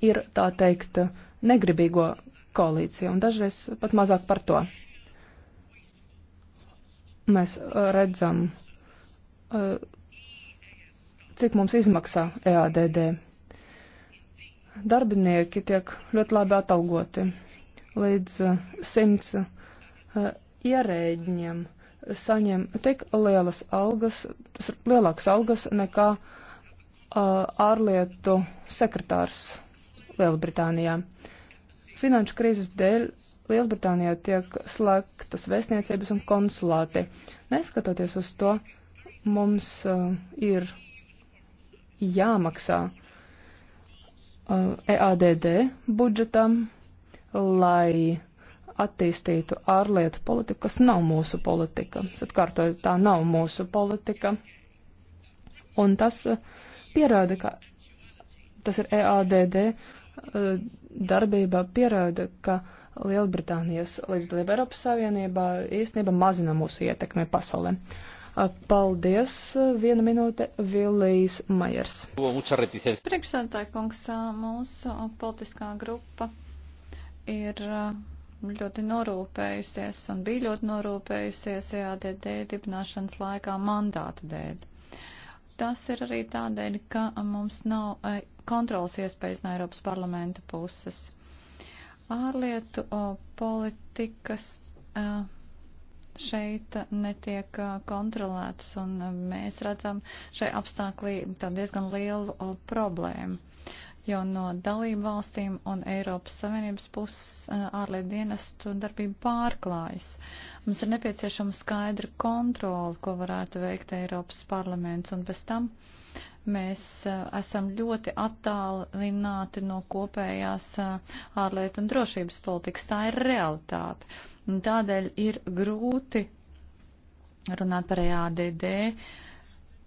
ir, tā teikt, negribīgo koalīcija, un dažreiz pat mazāk par to. Mēs eh, redzam cik mums izmaksā EADD. Darbinieki tiek ļoti labi atalgoti līdz eh, simts eh, ierēģiem saņem tik lielas algas, lielākas algas nekā eh, ārlietu sekretārs Lielbritānijā. Finanšu krīzes dēļ Lielbritānijā tiek slēgtas vēstniecības un konsulāti. Neskatoties uz to, mums uh, ir jāmaksā uh, EADD budžetam, lai attīstītu ārlietu politiku, kas nav mūsu politika. Es atkārtoju, tā nav mūsu politika. Un tas uh, pierāda, ka tas ir EADD uh, darbībā pierāda, ka Lielbritānijas līdzdalība Eiropas Savienībā īstenībā mazina mūsu ietekmi pasaulē. Uh, Paldies. Viena minūte Vilijas Majers. Priekšsēdētāji kungs, mūsu politiskā grupa ir ļoti norūpējusies un bija ļoti norūpējusies EADD dibināšanas laikā mandāta dēļ. Tas ir arī tādēļ, ka mums nav kontrols iespējas no Eiropas parlamenta puses. Ārlietu politikas. Uh, šeit netiek kontrolētas, un mēs redzam šai apstāklī diezgan lielu problēmu. Jo no dalību valstīm un Eiropas Savienības puses ārlietu dienestu darbība pārklājas. Mums ir nepieciešama skaidra kontrola, ko varētu veikt Eiropas parlaments, un bez tam Mēs esam ļoti attālināti no kopējās ārlietu un drošības politikas. Tā ir realitāte. Un tādēļ ir grūti runāt par EADD,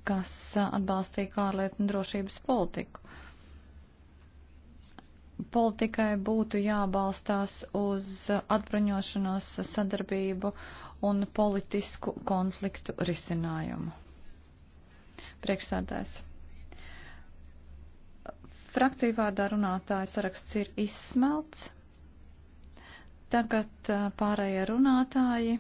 kas atbalstīja ārlietu un drošības politiku politikai būtu jābalstās uz atbruņošanos, sadarbību un politisku konfliktu risinājumu. Priekšsēdājs. Frakciju vārdā runātāju saraksts ir izsmelts. Tagad pārējie runātāji.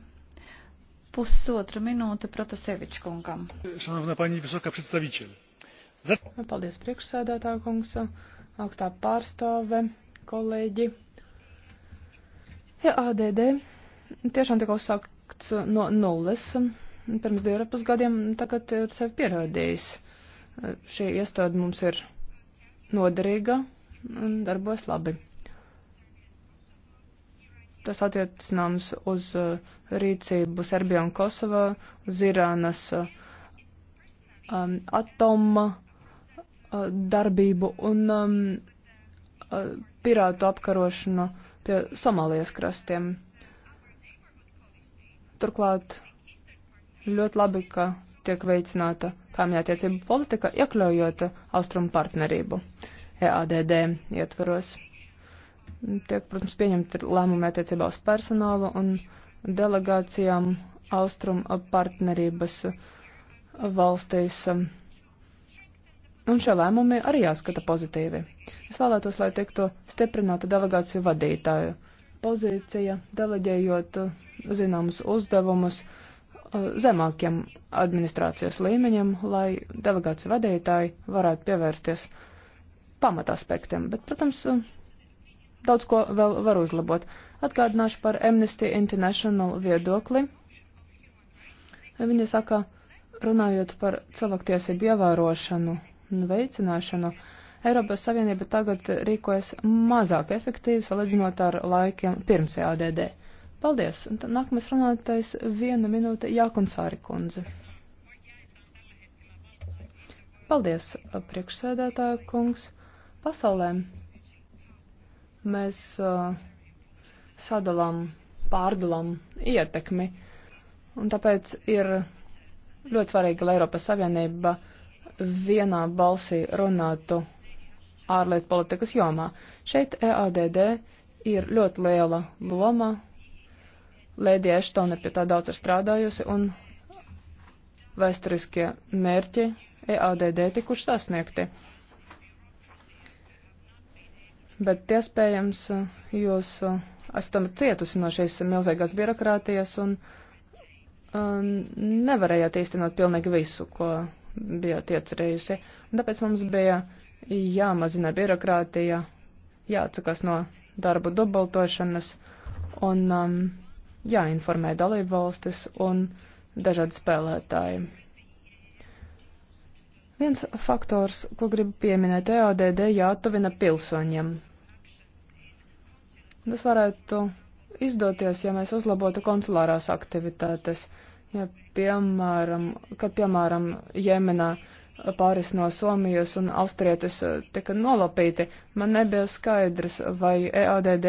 Pusotra minūte Protasevičs kungam. Šanovna paņi visoka predstavīķeļa. Nu, paldies priekšsēdētā kungs, augstā pārstāve, kolēģi. Ja ADD tiešām tika uzsākts no nulles pirms 2,5 gadiem, tagad ir sevi pierādījis. Šī iestāde mums ir noderīga un darbojas labi. Tas attiecināms uz uh, rīcību Serbijā un Kosovā, uz Irānas uh, um, atoma uh, darbību un um, uh, pirātu apkarošanu pie Somālijas krastiem. Turklāt ļoti labi, ka tiek veicināta kaimiņattiecību politika, iekļaujot austrumu partnerību EADD ietvaros. Tiek, protams, pieņemti lēmumi attiecībā uz personālu un delegācijām austrumu partnerības valstīs. Un šie lēmumi arī jāskata pozitīvi. Es vēlētos, lai tiktu stiprināta delegāciju vadītāju pozīcija, deleģējot zināmus uzdevumus zemākiem administrācijas līmeņiem, lai delegāciju vadītāji varētu pievērsties pamataspektiem. Bet, protams, daudz ko vēl var uzlabot. Atgādināšu par Amnesty International viedokli. Viņa saka, runājot par cilvēktiesību ievērošanu un veicināšanu, Eiropas Savienība tagad rīkojas mazāk efektīvi salīdzinot ar laikiem pirms EADD. Paldies. Un tā nākamais runātais viena minūte Jākonsāri kundze. Paldies, priekšsēdētāja kungs. Pasaulē mēs uh, sadalām, pārdalām ietekmi, un tāpēc ir ļoti svarīgi, lai Eiropas Savienība vienā balsī runātu ārlietu politikas jomā. Šeit EADD ir ļoti liela loma Lēdija Eštone pie tā daudz ir strādājusi, un vēsturiskie mērķi EADD tikuši sasniegti. Bet iespējams eh, jūs eh, esat cietusi no šīs milzīgās birokrātijas un um, nevarējāt īstenot pilnīgi visu, ko bijāt iecerējusi. Un tāpēc mums bija jāmazina birokrātija, jāatsakās no darbu dubultošanas un um, jāinformē dalību valstis un dažādi spēlētāji. Viens faktors, ko gribu pieminēt, EODD jātuvina pilsoņiem. Tas varētu izdoties, ja mēs uzlabotu konsulārās aktivitātes. Ja, piemēram, kad, piemēram, Jemenā uh, pāris no Somijas un Austrietes eh, tika nolapīti. Man nebija skaidrs, vai EADD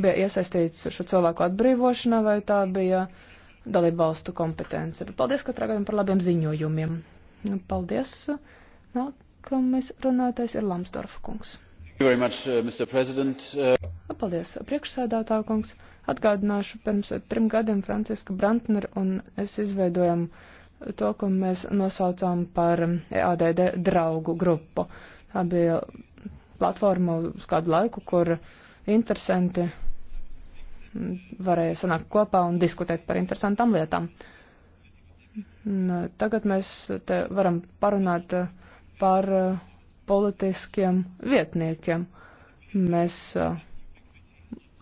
bija iesaistīts šo cilvēku atbrīvošanā, vai tā bija dalībvalstu kompetence. Paldies katrā gadam par labiem ziņojumiem. Paldies. Nākamais runātais ir Lamsdorfa kungs. Much, uh, uh, Paldies, priekšsēdētā kungs. Atgādināšu, pirms trim gadiem Franciska Brantner un es izveidojam uh, to, ko mēs nosaucām par e ADD draugu grupu. Tā bija platforma uz kādu laiku, kur interesanti varēja sanākt kopā un diskutēt par interesantām lietām. Tagad mēs te varam parunāt par politiskiem vietniekiem. Mēs uh,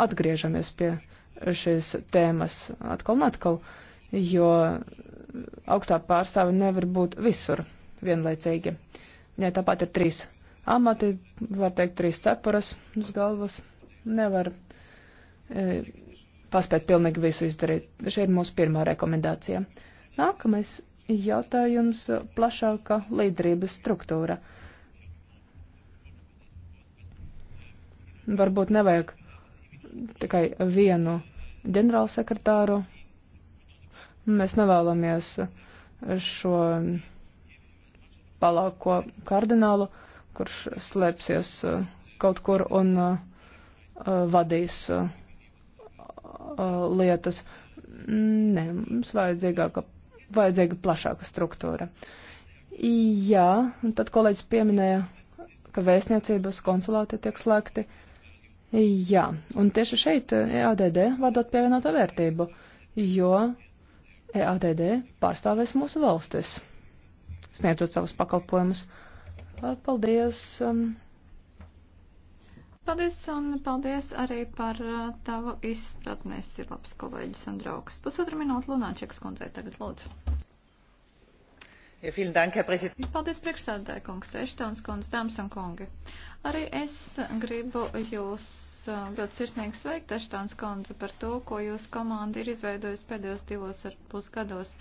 atgriežamies pie šīs tēmas atkal un atkal, jo augstā pārstāve nevar būt visur vienlaicīgi. Viņai tāpat ir trīs amati, var teikt, trīs cepures uz galvas. Nevar e, paspēt pilnīgi visu izdarīt. Šī ir mūsu pirmā rekomendācija. Nākamais jautājums - plašāka līdrības struktūra. Varbūt nevajag tikai vienu ģenerālsekretāru Mēs nevēlamies šo palāko kardinālu, kurš slēpsies uh, kaut kur un uh, uh, vadīs lietas. Nē, mums vajadzīgāka, vajadzīga plašāka struktūra. Jā, un tad kolēģis pieminēja, ka vēstniecības konsulāti tiek slēgti. Jā, un tieši šeit ADD var dot pievienoto vērtību, jo EADD pārstāvēs mūsu valstis, sniedzot savus pakalpojumus. Paldies! Um, Paldies, un paldies arī par uh, tavu izpratni. Es ir labs kolēģis un draugs. Pusotra minūte Lunāčekas kundzei tagad lūdzu. Ja, dank, paldies, priekšsēdētāji kungs, Eštons kundz, dāmas un kungi. Arī es gribu jūs Uh, ļoti sirsnīgi sveikt Aštāns kundze par to, ko jūsu komanda ir izveidojusi pēdējos divos ar pusgados.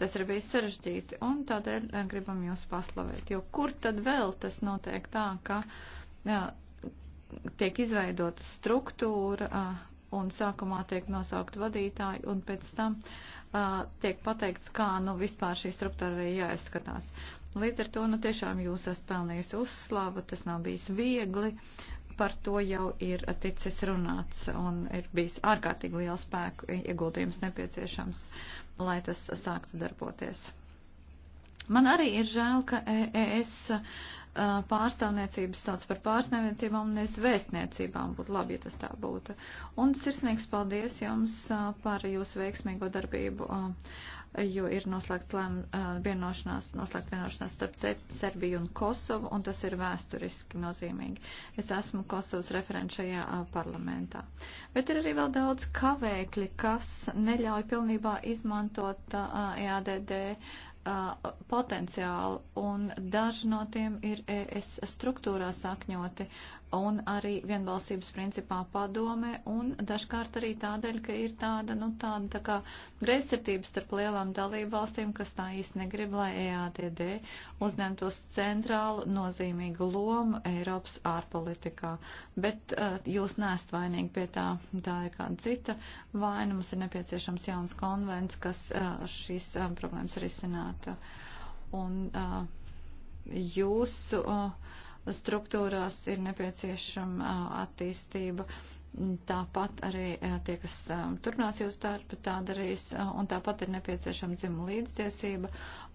Tas ir bijis sarežģīti, un tādēļ uh, gribam jūs paslavēt. Jo kur tad vēl tas notiek tā, ka jā, tiek izveidota struktūra, uh, un sākumā tiek nosaukt vadītāji, un pēc tam uh, tiek pateikts, kā nu vispār šī struktūra arī jāizskatās. Līdz ar to, nu tiešām jūs esat pelnījusi uzslavu, tas nav bijis viegli, par to jau ir ticis runāts un ir bijis ārkārtīgi liels spēku ieguldījums nepieciešams, lai tas sāktu darboties. Man arī ir žēl, ka ES e pārstāvniecības sauc par pārstāvniecībām un es vēstniecībām būtu labi, ja tas tā būtu. Un sirsnīgs paldies jums par jūsu veiksmīgo darbību jo ir noslēgts lēm, vienošanās, noslēgt vienošanās starp Serbiju un Kosovu, un tas ir vēsturiski nozīmīgi. Es esmu Kosovas referenčajā parlamentā. Bet ir arī vēl daudz kavēkļi, kas neļauj pilnībā izmantot EADD potenciālu, un daži no tiem ir ES struktūrā sakņoti, un arī vienbalsības principā padome, un dažkārt arī tādēļ, ka ir tāda, nu, tāda tā kā greizsirdības starp lielām dalību valstīm, kas tā īsti negrib, lai EADD uzņemtos centrālu nozīmīgu lomu Eiropas ārpolitikā. Bet uh, jūs nēst vainīgi pie tā, tā ir kāda cita vaina, mums ir nepieciešams jauns konvents, kas uh, šīs uh, problēmas risinātu. Un uh, jūsu. Uh, struktūrās ir nepieciešama attīstība. Tāpat arī tie, kas turpinās jūsu darbu, tā darīs, un tāpat ir nepieciešama dzimuma līdztiesība,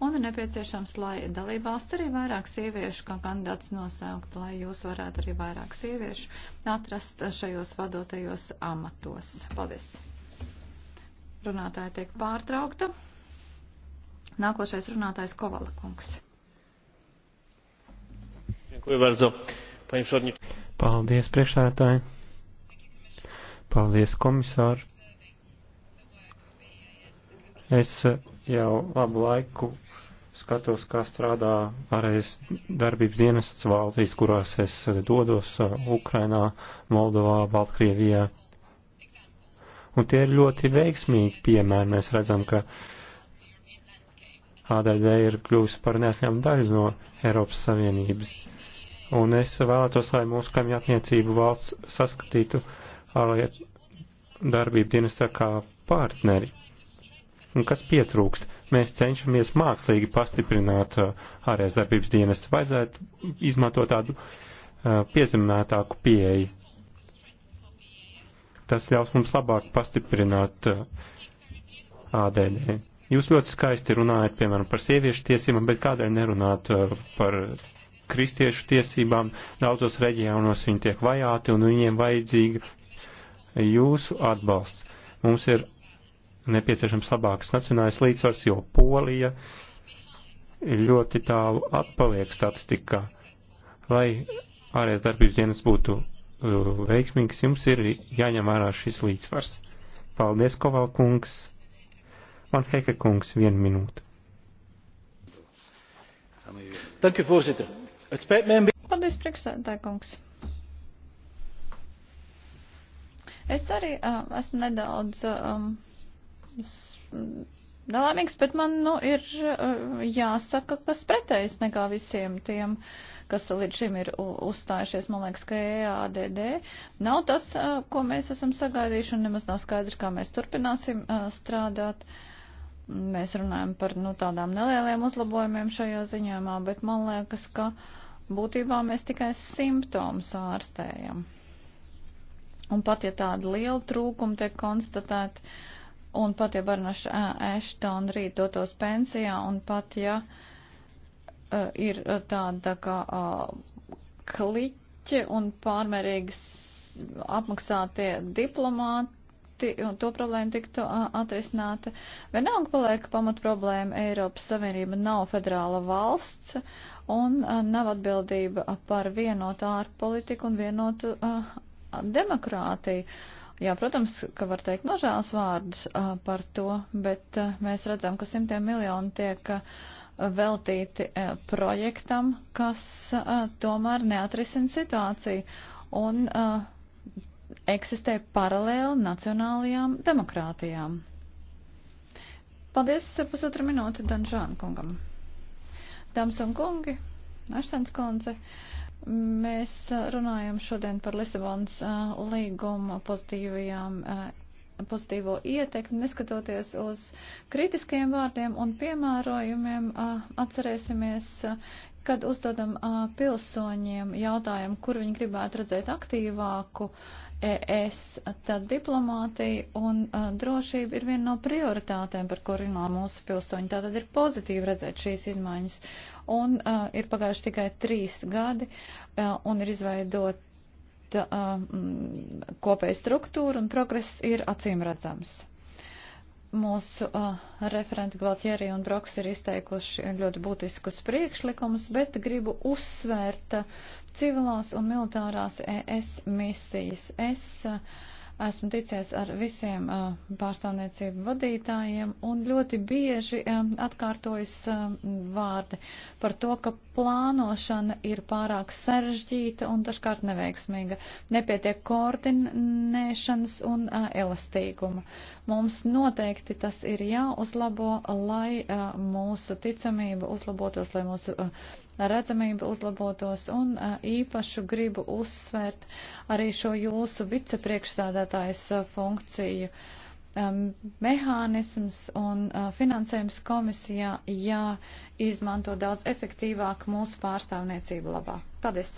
un ir nepieciešams, lai dalībvalsts arī vairāk sieviešu kā kandidāts nosaukt, lai jūs varētu arī vairāk sieviešu atrast šajos vadotajos amatos. Paldies! Runātāja tiek pārtraukta. Nākošais runātājs Kovala kungs. Paldies, priekšsētāji. Paldies, komisāri. Es jau labu laiku skatos, kā strādā ārējais darbības dienests valstīs, kurās es dodos - Ukrainā, Moldovā, Baltkrievijā. Un tie ir ļoti veiksmīgi piemēri. Mēs redzam, ka ADD ir kļuvusi par neatņemu daļu no Eiropas Savienības. Un es vēlētos, lai mūsu kaimiņattiecību valsts saskatītu ārlietu darbību dienestā kā partneri. Un kas pietrūkst? Mēs cenšamies mākslīgi pastiprināt uh, ārējās darbības dienestu. Vajadzētu izmantot tādu uh, piezeminātāku pieeju. Tas ļaus mums labāk pastiprināt uh, ADD. Jūs ļoti skaisti runājat, piemēram, par sieviešu tiesībām, bet kādēļ nerunāt uh, par kristiešu tiesībām. Daudzos reģionos viņi tiek vajāti un viņiem vajadzīga jūsu atbalsts. Mums ir nepieciešams labāks nacionālais līdzsvars, jo Polija ir ļoti tālu atpaliek statistikā. Lai ārējais darbības dienas būtu uh, veiksmīgs, jums ir jāņem vērā šis līdzsvars. Paldies, Koval kungs. Man Heke kungs, vienu minūtu. Dank u voorzitter. Paldies, priekšsēdētāj kungs. Es arī uh, esmu nedaudz um, nelēmīgs, bet man nu, ir uh, jāsaka, kas pretējs nekā visiem tiem, kas līdz šim ir uzstājušies. Man liekas, ka EADD nav tas, uh, ko mēs esam sagaidījuši, un nemaz nav skaidrs, kā mēs turpināsim uh, strādāt. Mēs runājam par nu, tādām nelieliem uzlabojumiem šajā ziņojumā, bet man liekas, ka. Uh, būtībā mēs tikai simptomus ārstējam. Un pat ja tāda liela trūkuma tiek konstatēta, un pat ja Barnaša Eštona rīt dotos pensijā, un pat ja uh, ir tāda kā uh, kliķi un pārmērīgas apmaksātie diplomāti, un to problēmu tiktu atrisināta. Vienalga paliek pamat problēma Eiropas Savienība nav federāla valsts. Uh, un nav atbildība par vienotu ārpolitiku un vienotu demokrātiju. Jā, protams, ka var teikt nožēlas vārdus par to, bet mēs redzam, ka simtiem miljonu tiek veltīti projektam, kas tomēr neatrisina situāciju un eksistē paralēli nacionālajām demokrātijām. Paldies, pusotra minūte Danžāna kungam. Dāmas un kungi, Aštens konce, mēs uh, runājam šodien par Lisabonas uh, līguma pozitīvajām uh, pozitīvo ietekmi, neskatoties uz kritiskiem vārdiem un piemērojumiem, atcerēsimies, kad uzdodam pilsoņiem jautājumu, kur viņi gribētu redzēt aktīvāku ES, tad diplomātija un uh, drošība ir viena no prioritātēm, par kur runā mūsu pilsoņi. Tātad ir pozitīvi redzēt šīs izmaiņas. Un uh, ir pagājuši tikai trīs gadi uh, un ir izveidot uh, kopēja struktūra un progress ir acīm redzams. Mūsu uh, referenti Gvaltjeri un Broks ir izteikuši ļoti būtiskus priekšlikumus, bet gribu uzsvērt uh, civilās un militārās ES misijas. Es uh, esmu ticies ar visiem uh, pārstāvniecību vadītājiem un ļoti bieži um, atkārtojas um, vārdi par to, ka plānošana ir pārāk sarežģīta un dažkārt neveiksmīga. Nepietiek koordinēšanas un uh, elastīguma. Mums noteikti tas ir jāuzlabo, lai mūsu ticamība uzlabotos, lai mūsu redzamība uzlabotos un īpašu gribu uzsvērt arī šo jūsu vicepriekšsādātājs funkciju. Mehānisms un finansējums komisijā jāizmanto daudz efektīvāk mūsu pārstāvniecību labā. Paldies!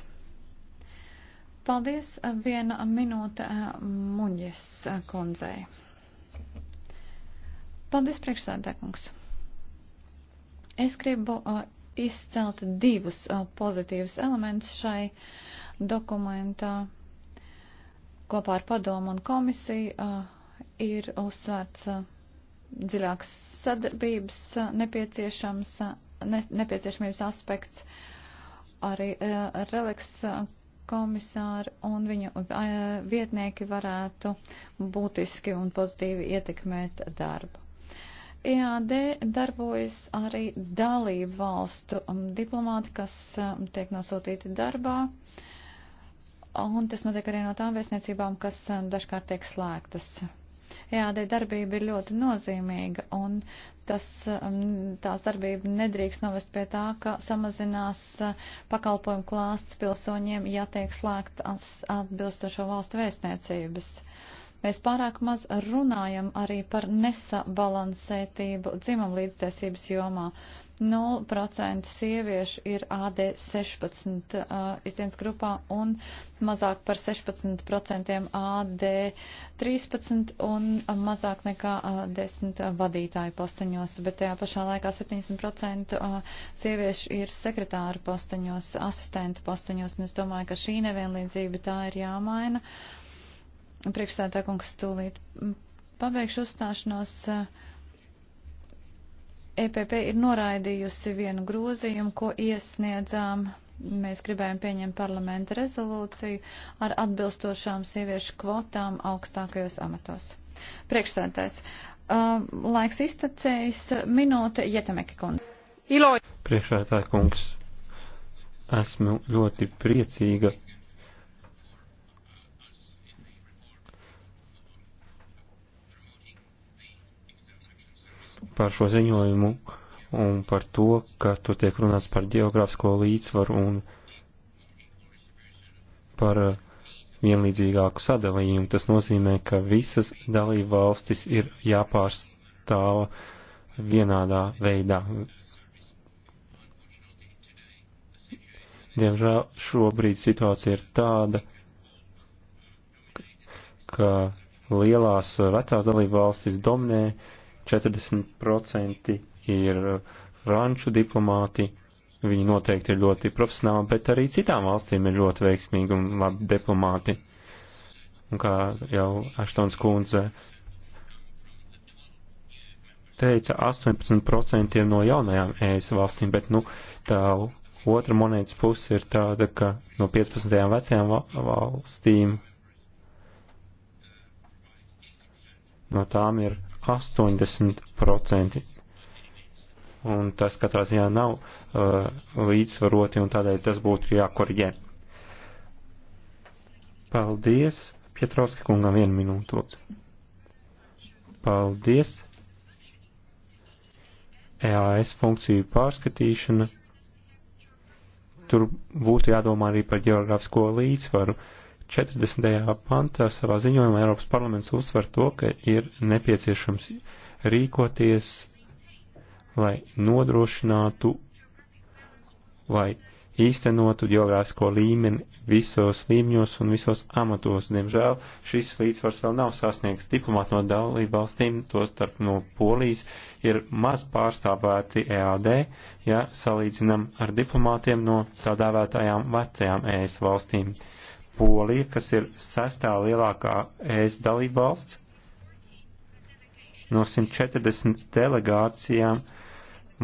Paldies! Viena minūte Muņas kundzei. Paldies, priekšsēdētājkungs! Es gribu uh, izcelt divus pozitīvus elementus šai dokumentā. Kopā ar padomu un komisiju ir uzsvērts dziļāks sadarbības nepieciešams, ne, nepieciešamības aspekts arī releks komisāri un viņu vietnieki varētu būtiski un pozitīvi ietekmēt darbu. EAD darbojas arī dalību valstu um, diplomāti, kas um, tiek nosūtīti darbā, un tas notiek arī no tām vēstniecībām, kas um, dažkārt tiek slēgtas. EAD darbība ir ļoti nozīmīga, un tas, tās darbība nedrīkst novest pie tā, ka samazinās uh, pakalpojumu klāsts pilsoņiem, ja tiek slēgtas atbilstošo valstu vēstniecības. Uh, Mēs pārāk maz runājam arī par nesabalansētību dzimumu līdztiesības jomā. 0% sieviešu ir AD 16 uh, izdienas grupā un mazāk par 16% AD 13 un mazāk nekā uh, 10 vadītāju postaņos, bet tajā pašā laikā 70% uh, sieviešu ir sekretāru postaņos, asistentu postaņos, un es domāju, ka šī nevienlīdzība tā ir jāmaina. Uh, Priekšstādā kungs stūlīt. Pabeigšu uzstāšanos. EPP ir noraidījusi vienu grozījumu, ko iesniedzām. Mēs gribējām pieņemt parlamenta rezolūciju ar atbilstošām sieviešu kvotām augstākajos amatos. Priekšsēdētājs. Um, laiks iztecējis. Minūte Jetemeki kundze. Priekšsēdētāj kungs. Esmu ļoti priecīga par šo ziņojumu un par to, ka tur tiek runāts par geogrāfisko līdzsvaru un par uh, vienlīdzīgāku sadalījumu. Tas nozīmē, ka visas dalība valstis ir jāpārstāva vienādā veidā. Diemžēl šobrīd situācija ir tāda, ka lielās vecās dalība valstis dominē, 40% ir uh, franču diplomāti, viņi noteikti ir ļoti profesionāli, bet arī citām valstīm ir ļoti veiksmīgi un labi diplomāti. Un kā jau Aštons kundze teica, 18% no jaunajām ES valstīm, bet nu tā otra monētas puse ir tāda, ka no 15. vecajām valstīm no tām ir 80%. Un tas katrā ziņā nav uh, līdzsvaroti un tādēļ tas būtu jākorģē. Paldies, Pietrauska kungam vienu minūtu. Paldies. EAS funkciju pārskatīšana. Tur būtu jādomā arī par geogrāfisko līdzsvaru. Uh, 40. pantā savā ziņojumā Eiropas parlaments uzsver to, ka ir nepieciešams rīkoties, lai nodrošinātu vai īstenotu geogrāfisko līmeni visos līmņos un visos amatos. Diemžēl šis līdzsvars vēl nav sasniegts. Diplomāti no dalību valstīm, to starp no Polijas, ir maz pārstāvēti EAD, ja salīdzinam ar diplomātiem no tā dēvētajām vecajām ES valstīm. Uh, Polija, kas ir sestā lielākā ES dalībvalsts. No 140 delegācijām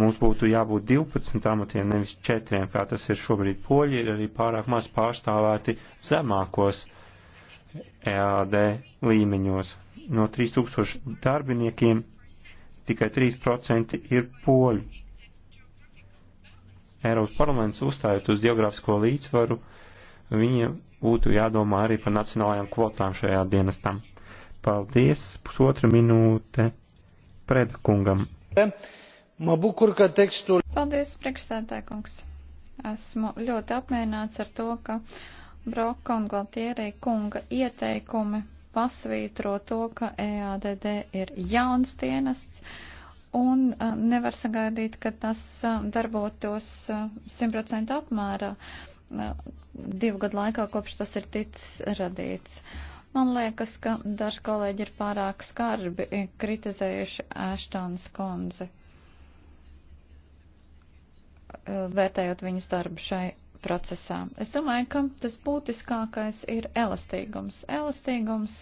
mums būtu jābūt 12 amatiem, nevis 4, kā tas ir šobrīd. Poļi ir arī pārāk maz pārstāvēti zemākos EAD līmeņos. No 3000 darbiniekiem tikai 3% ir poļi. Eiropas parlaments uzstājot uz geogrāfisko līdzsvaru, viņiem būtu jādomā arī par nacionālajām kvotām šajā dienestam. Paldies, pusotra minūte predkungam. Paldies, priekšsēdētāj kungs. Esmu ļoti apmierināts ar to, ka Broka un Glatierī kunga ieteikumi pasvītro to, ka EADD ir jauns dienests un nevar sagaidīt, ka tas darbotos 100% apmērā divu gadu laikā, kopš tas ir ticis radīts. Man liekas, ka daži kolēģi ir pārāk skarbi kritizējuši Ashtonas kundzi, vērtējot viņas darbu šai procesā. Es domāju, ka tas būtiskākais ir elastīgums. Elastīgums,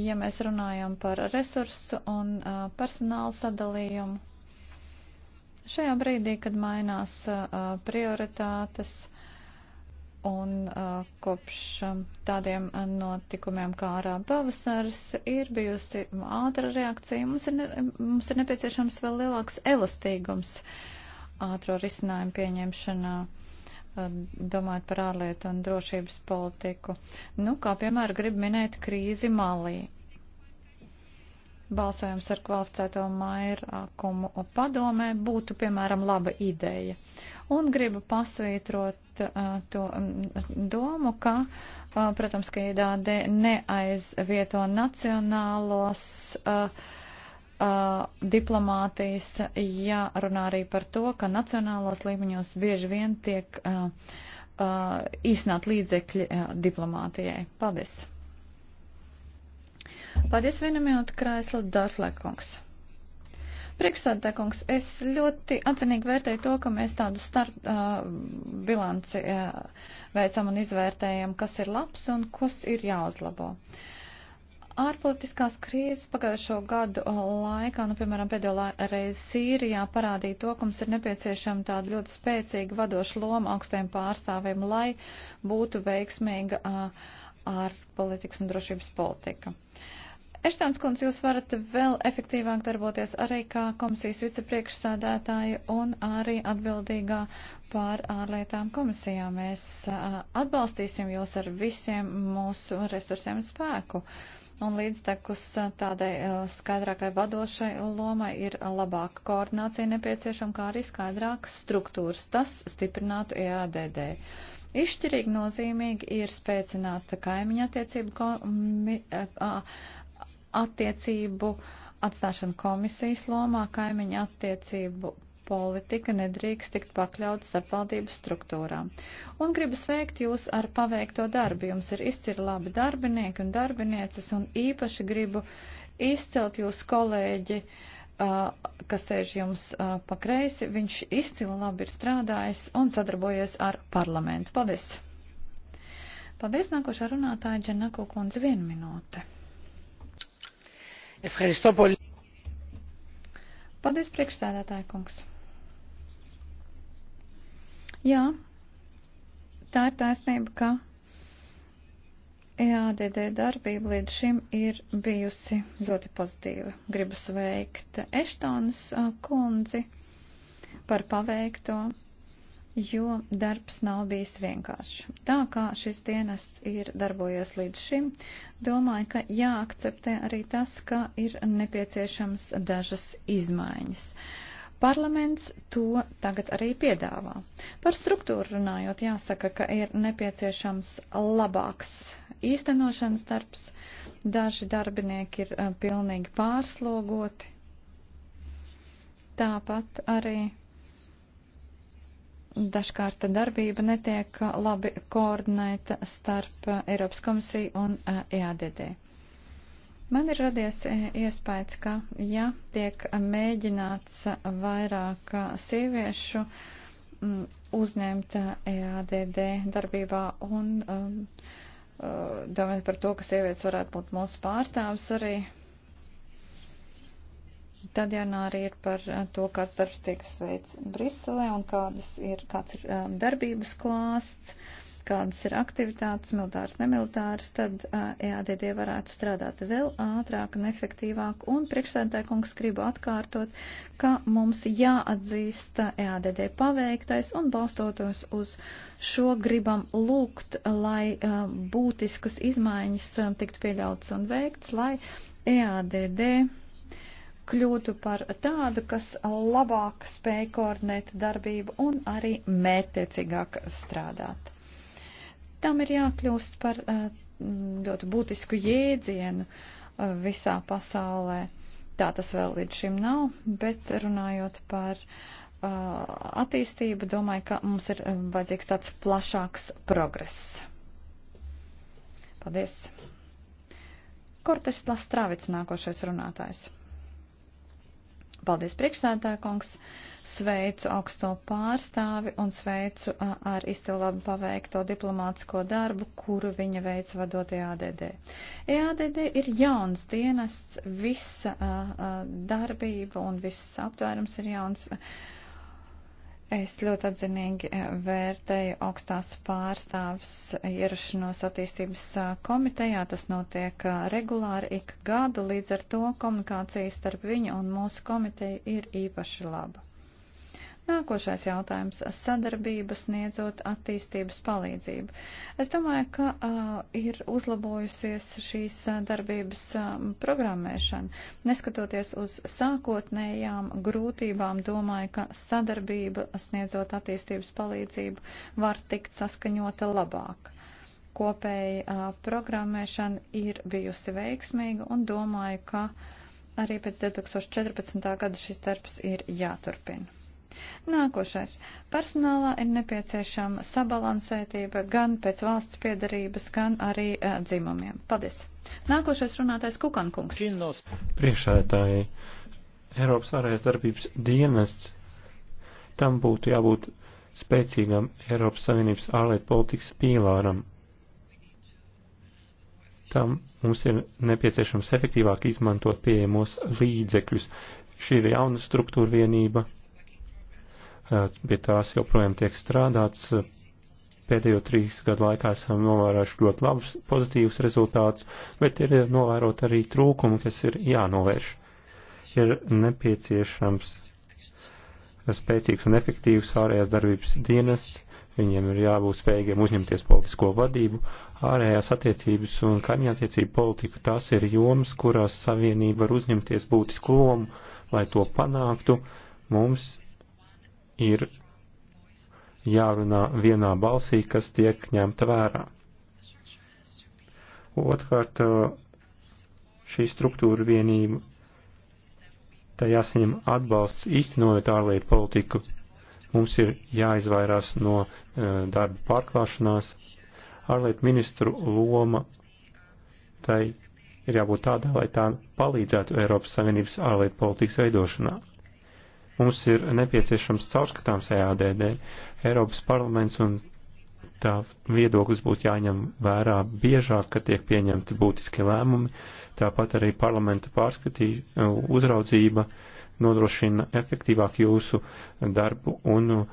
ja mēs runājam par resursu un personāla sadalījumu Šajā brīdī, kad mainās prioritātes un kopš tādiem notikumiem kā ārā pavasars ir bijusi ātra reakcija, mums ir, ne, mums ir nepieciešams vēl lielāks elastīgums ātro risinājumu pieņemšanā domājot par ārlietu un drošības politiku. Nu, kā piemēra grib minēt krīzi Malī balsojums ar kvalificēto mairākumu padomē būtu, piemēram, laba ideja. Un gribu pasvītrot uh, to mm, domu, ka, uh, protams, ka IDAD neaizvieto nacionālos uh, uh, diplomātijas, ja runā arī par to, ka nacionālos līmeņos bieži vien tiek uh, uh, īsnāt līdzekļi uh, diplomātijai. Paldies! Paldies vienu minūtu, Kraisla Dorflekungs. Priekšsādākungs, es ļoti atzinīgi vērtēju to, ka mēs tādu starp uh, bilanci uh, veicam un izvērtējam, kas ir labs un kas ir jāuzlabo. Uh, ārpolitiskās krīzes pagājušo gadu laikā, nu, piemēram, pēdējo reizi Sīrijā parādīja to, ka mums ir nepieciešama tāda ļoti spēcīga vadoša loma augstiem pārstāvjiem, lai būtu veiksmīga uh, ārpolitikas un drošības politika. Uh, Eštons kundze, jūs varat vēl efektīvāk darboties arī kā komisijas vicepriekšsādātāja un arī atbildīgā pār ārlietām komisijā. Mēs atbalstīsim jūs ar visiem mūsu resursiem un spēku. Un līdztekus tādai skaidrākai vadošai lomai ir labāka koordinācija nepieciešama, kā arī skaidrākas struktūras. Tas stiprinātu EADD. Izšķirīgi nozīmīgi ir spēcināt kaimiņa attiecību attiecību atstāšana komisijas lomā, kaimiņa attiecību politika nedrīkst tikt pakļauts starpvaldību struktūrām. Un gribu sveikt jūs ar paveikto darbu. Jums ir izcili labi darbinieki un darbinieces, un īpaši gribu izcelt jūs kolēģi, kas sēž jums pa kreisi. Viņš izcili labi ir strādājis un sadarbojies ar parlamentu. Paldies! Paldies, nākošā runātāja Džanaku kundze, vienu minūte. Ευχαριστώ πολύ. Paldies, priekšsēdētāja kungs. Jā, tā ir taisnība, ka EADD darbība līdz šim ir bijusi ļoti pozitīva. Gribu sveikt Eštonas kundzi par paveikto jo darbs nav bijis vienkāršs. Tā kā šis dienests ir darbojies līdz šim, domāju, ka jāakceptē arī tas, ka ir nepieciešams dažas izmaiņas. Parlaments to tagad arī piedāvā. Par struktūru runājot, jāsaka, ka ir nepieciešams labāks īstenošanas darbs, daži darbinieki ir eh, pilnīgi pārslogoti. Tāpat arī dažkārt darbība netiek labi koordinēta starp Eiropas komisiju un EADD. E Man ir radies e, iespējas, ka ja tiek mēģināts vairāk sieviešu uzņemt EADD e darbībā un um, domājot par to, ka sievietes varētu būt mūsu pārstāvs arī Tad janvārī ir par eh, to, kāds darbs tiek sveic Briselē un kādas ir, kāds ir um, darbības klāsts, kādas ir aktivitātes, militārs, nemilitārs, tad uh, eh, EADD varētu strādāt vēl ātrāk un efektīvāk. Un priekšsēdētāji kungs gribu atkārtot, ka mums jāatzīst EADD paveiktais un balstotos uz šo gribam lūgt, lai uh, būtiskas izmaiņas uh, tiktu pieļautas un veikts, lai EADD kļūtu par tādu, kas labāk spēj koordinēt darbību un arī mērtiecīgāk strādāt. Tam ir jākļūst par eh, ļoti būtisku jēdzienu eh, visā pasaulē. Tā tas vēl līdz šim nav, bet runājot par uh, attīstību, domāju, ka mums ir vajadzīgs tāds plašāks progress. Paldies! Kortes Lastrāvits nākošais runātājs. Paldies, priekšsēdētāja kungs! Sveicu augsto pārstāvi un sveicu ar izcilu labi paveikto diplomātsko darbu, kuru viņa veic vadot EADD. EADD ir jauns dienests, visa darbība un viss aptvērums ir jauns. Uh, Es ļoti atzinīgi eh, vērtēju augstās pārstāvs ierašanos attīstības eh, komitejā. Tas notiek eh, regulāri ik gadu, līdz ar to komunikācija starp viņu un mūsu komiteju ir īpaši laba. Nākošais jautājums - sadarbība sniedzot attīstības palīdzību. Es domāju, ka uh, ir uzlabojusies šīs darbības um, programmēšana. Neskatoties uz sākotnējām grūtībām, domāju, ka sadarbība sniedzot attīstības palīdzību var tikt saskaņota labāk kopēja programmēšana ir bijusi veiksmīga un domāju, ka arī pēc 2014. gada šis darbs ir jāturpina. Nākošais. Personālā ir nepieciešama sabalansētība gan pēc valsts piedarības, gan arī uh, dzimumiem. Paldies. Nākošais runātais Kukankungs. Činos. Priekšētāji Eiropas ārējās darbības dienests. Tam būtu jābūt spēcīgam Eiropas Savienības ārlietu politikas pīlāram. Tam mums ir nepieciešams efektīvāk izmantot pieejamos līdzekļus. Šī ir jauna struktūra vienība, pie tās joprojām tiek strādāts. Pēdējo trīs gadu laikā esam novērojuši ļoti labus pozitīvus rezultātus, bet ir novērot arī trūkumi, kas ir jānovērš. Ir nepieciešams spēcīgs un efektīvs ārējās darbības dienas, viņiem ir jābūt spējīgiem uzņemties politisko vadību, ārējās attiecības un kaimiņattiecību politika. Tās ir jomas, kurās savienība var uzņemties būtisku lomu, lai to panāktu. Mums ir jārunā vienā balsī, kas tiek ņemta vērā. Otkārt, šī struktūra vienība, tajā saņem atbalsts īstenojot ārlietu politiku. Mums ir jāizvairās no e, darba pārklāšanās. Ārlietu ministru loma, tai ir jābūt tādā, lai tā palīdzētu Eiropas Savienības ārlietu politikas veidošanā. Mums ir nepieciešams caurskatāms EADD. Eiropas parlaments un tā viedoklis būtu jāņem vērā biežāk, kad tiek pieņemti būtiski lēmumi. Tāpat arī parlamenta pārskatī uzraudzība nodrošina efektīvāk jūsu darbu un eh,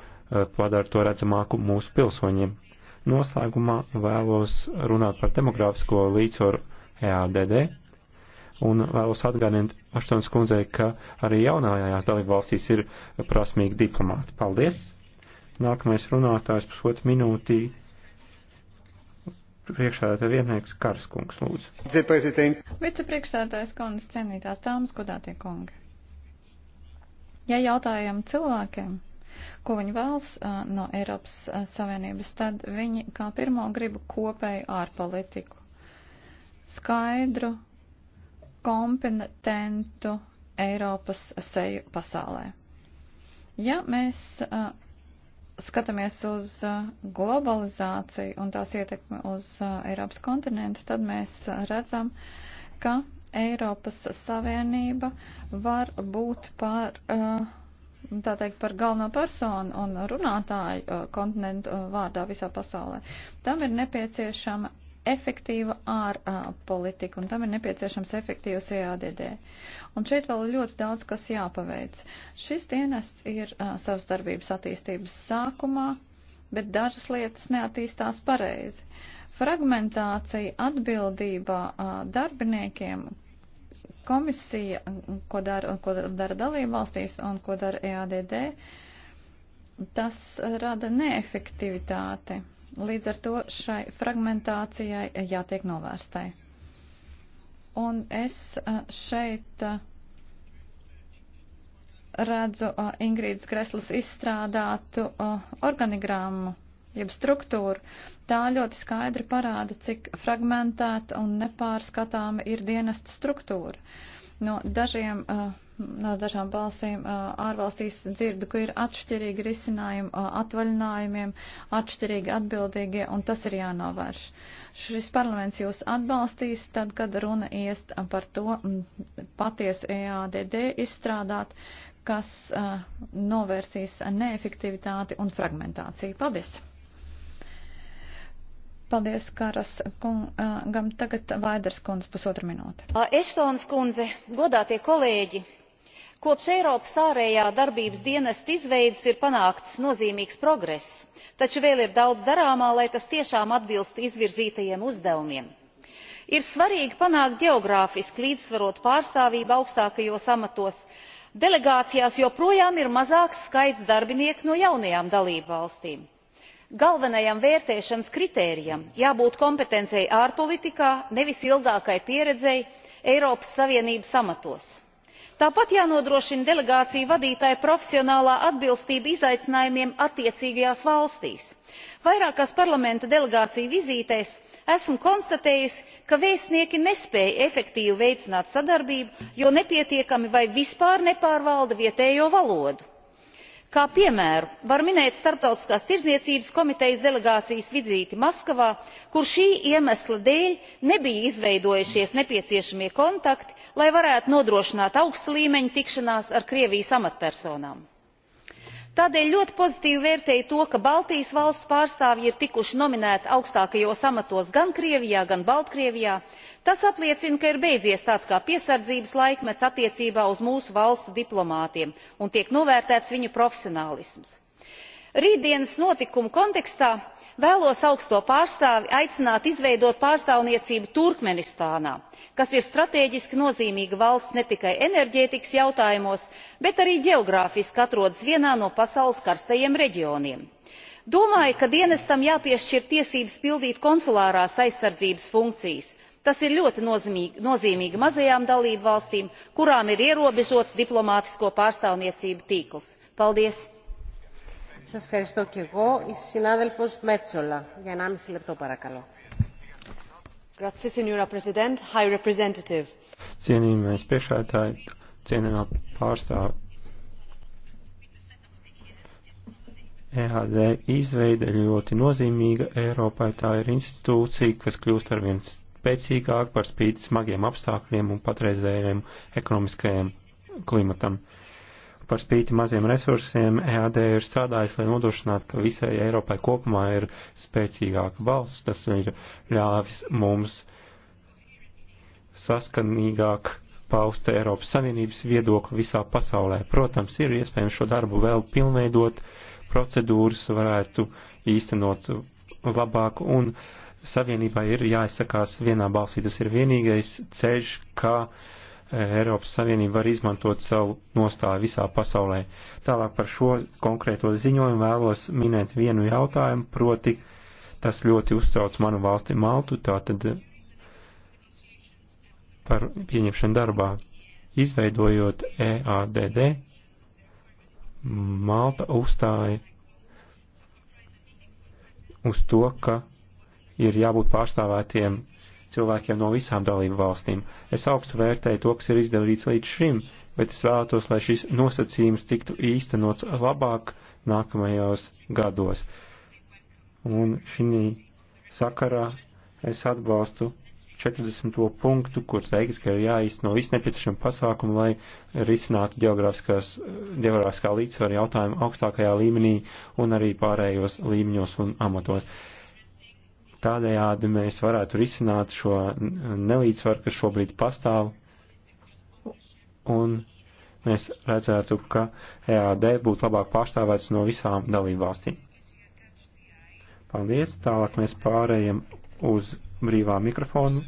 padara to redzamāku mūsu pilsoņiem. Noslēgumā vēlos runāt par demogrāfisko līdzsvaru EADD Un vēlos atgādināt Aštons kundzei, ka arī jaunājās dalībvalstīs ir prasmīgi diplomāti. Paldies! Nākamais runātājs pusotru minūtī. Priekšsēdētāja vietnieks Karskungs, lūdzu. Vicepriekšsēdētājs kundze, cienītās dāmas, godātie kungi. Ja jautājam cilvēkiem, ko viņi vēlas no Eiropas Savienības, tad viņi kā pirmo gribu kopēju ārpolitiku. Skaidru kompetentu Eiropas seju pasaulē. Ja mēs uh, skatāmies uz globalizāciju un tās ietekmi uz Eiropas kontinentu, tad mēs redzam, ka Eiropas Savienība var būt par, tā teikt, par galveno personu un runātāju kontinentu vārdā visā pasaulē. Tam ir nepieciešama efektīva ārpolitika, un tam ir nepieciešams efektīvs EADD. Un šeit vēl ir ļoti daudz, kas jāpaveic. Šis dienests ir a, savas darbības attīstības sākumā, bet dažas lietas neattīstās pareizi. Fragmentācija atbildībā a, darbiniekiem, komisija, ko dara, ko dara dalībvalstīs un ko dara EADD, tas rada neefektivitāti Līdz ar to šai fragmentācijai jātiek novērstai. Un es šeit redzu Ingrīdas Kreslas izstrādātu organigrammu, jeb struktūru. Tā ļoti skaidri parāda, cik fragmentēta un nepārskatāma ir dienesta struktūra. Uh, No, dažiem, eh, no dažām balsīm eh, ārvalstīs dzirdu, ka ir atšķirīgi risinājumi eh, atvaļinājumiem, atšķirīgi atbildīgie, un tas ir jānovērš. Šis parlaments jūs atbalstīs, tad, kad runa iest par to mm, patiesu EADD izstrādāt, kas novērsīs neefektivitāti un fragmentāciju. Paldies! Paldies, Kāras kungam. Tagad Vaiders kundze pusotra minūte. Eštons kundze, godātie kolēģi, kopš Eiropas ārējā darbības dienesta izveidas ir panākts nozīmīgs progress, taču vēl ir daudz darāmā, lai tas tiešām atbilstu izvirzītajiem uzdevumiem ir svarīgi panākt geogrāfiski līdzsvarotu pārstāvību augstākajos amatos. delegācijās joprojām ir mazāks skaits darbinieku no jaunajām dalībvalstīm galvenajam vērtēšanas kritērijam jābūt kompetencei ārpolitikā nevis ilgākai pieredzei eiropas savienības amatos. tāpat jānodrošina delegāciju vadītāju profesionālā atbilstība izaicinājumiem attiecīgajās valstīs. vairākās parlamenta delegāciju vizītēs esmu konstatējusi ka vēstnieki nespēj efektīvi veicināt sadarbību jo nepietiekami vai vispār nepārvalda vietējo valodu kā piemēru var minēt starptautiskās tirdzniecības komitejas delegācijas vizīti maskavā kur šī iemesla dēļ nebija izveidojušies nepieciešamie kontakti lai varētu nodrošināt augsta līmeņa tikšanās ar krievijas amatpersonām. tādēļ ļoti pozitīvi vērtēju to ka baltijas valstu pārstāvji ir tikuši nominēti augstākajos amatos gan krievijā gan baltkrievijā tas apliecina ka ir beidzies tāds kā piesardzības laikmets attiecībā uz mūsu valstu diplomātiem un tiek novērtēts viņu profesionālisms. rītdienas notikumu kontekstā vēlos augsto pārstāvi aicināt izveidot pārstāvniecību turkmenistānā kas ir stratēģiski nozīmīga valsts ne tikai enerģētikas jautājumos bet arī ģeogrāfiski atrodas vienā no pasaules karstajiem reģioniem. domāju ka dienestam jāpiešķir tiesības pildīt konsulārās aizsardzības funkcijas tas ir ļoti nozīmīgi mazajām dalībvalstīm kurām ir ierobežots diplomātisko pārstāvniecību tīkls. paldies! signora presidente high representative cienījamais priekšsēdētāj cienījamā pārstāve EAD izveide ļoti nozīmīga Eiropai. Tā ir institūcija, kas kļūst arvien spēcīgāk par spīti smagiem apstākļiem un patreizējiem ekonomiskajiem klimatam. Par spīti maziem resursiem EAD ir strādājis, lai nodrošinātu, ka visai Eiropai kopumā ir spēcīgāka valsts. Tas ir ļāvis mums saskanīgāk paust Eiropas Savienības viedokli visā pasaulē. Protams, ir iespējams šo darbu vēl pilnveidot, procedūras varētu īstenot labāk un uh, Savienībai ir jāizsakās vienā balsī. Tas ir vienīgais ceļš, kā e, Eiropas Savienība var izmantot savu nostāju visā pasaulē. Tālāk par šo konkrēto ziņojumu vēlos minēt vienu jautājumu, proti tas ļoti uztrauc manu valsti Maltu, tātad par pieņemšanu darbā. Izveidojot EADD, Malta uzstāja uz to, ka ir jābūt pārstāvētiem cilvēkiem no visām dalību valstīm. Es augstu vērtēju to, kas ir izdarīts līdz šim, bet es vēlētos, lai šis nosacījums tiktu īstenots labāk nākamajos gados. Un šī sakarā es atbalstu 40. punktu, kur teiks, ka ir jāizno viss nepieciešama pasākuma, lai risinātu geogrāfiskā līdzsvara jautājumu augstākajā līmenī un arī pārējos līmeņos un amatos. Tādējādi mēs varētu risināt šo nelīdzsvaru, kas šobrīd pastāv, un mēs redzētu, ka EAD būtu labāk pārstāvēts no visām dalībvalstīm. Paldies! Tālāk mēs pārējiem uz brīvā mikrofonu.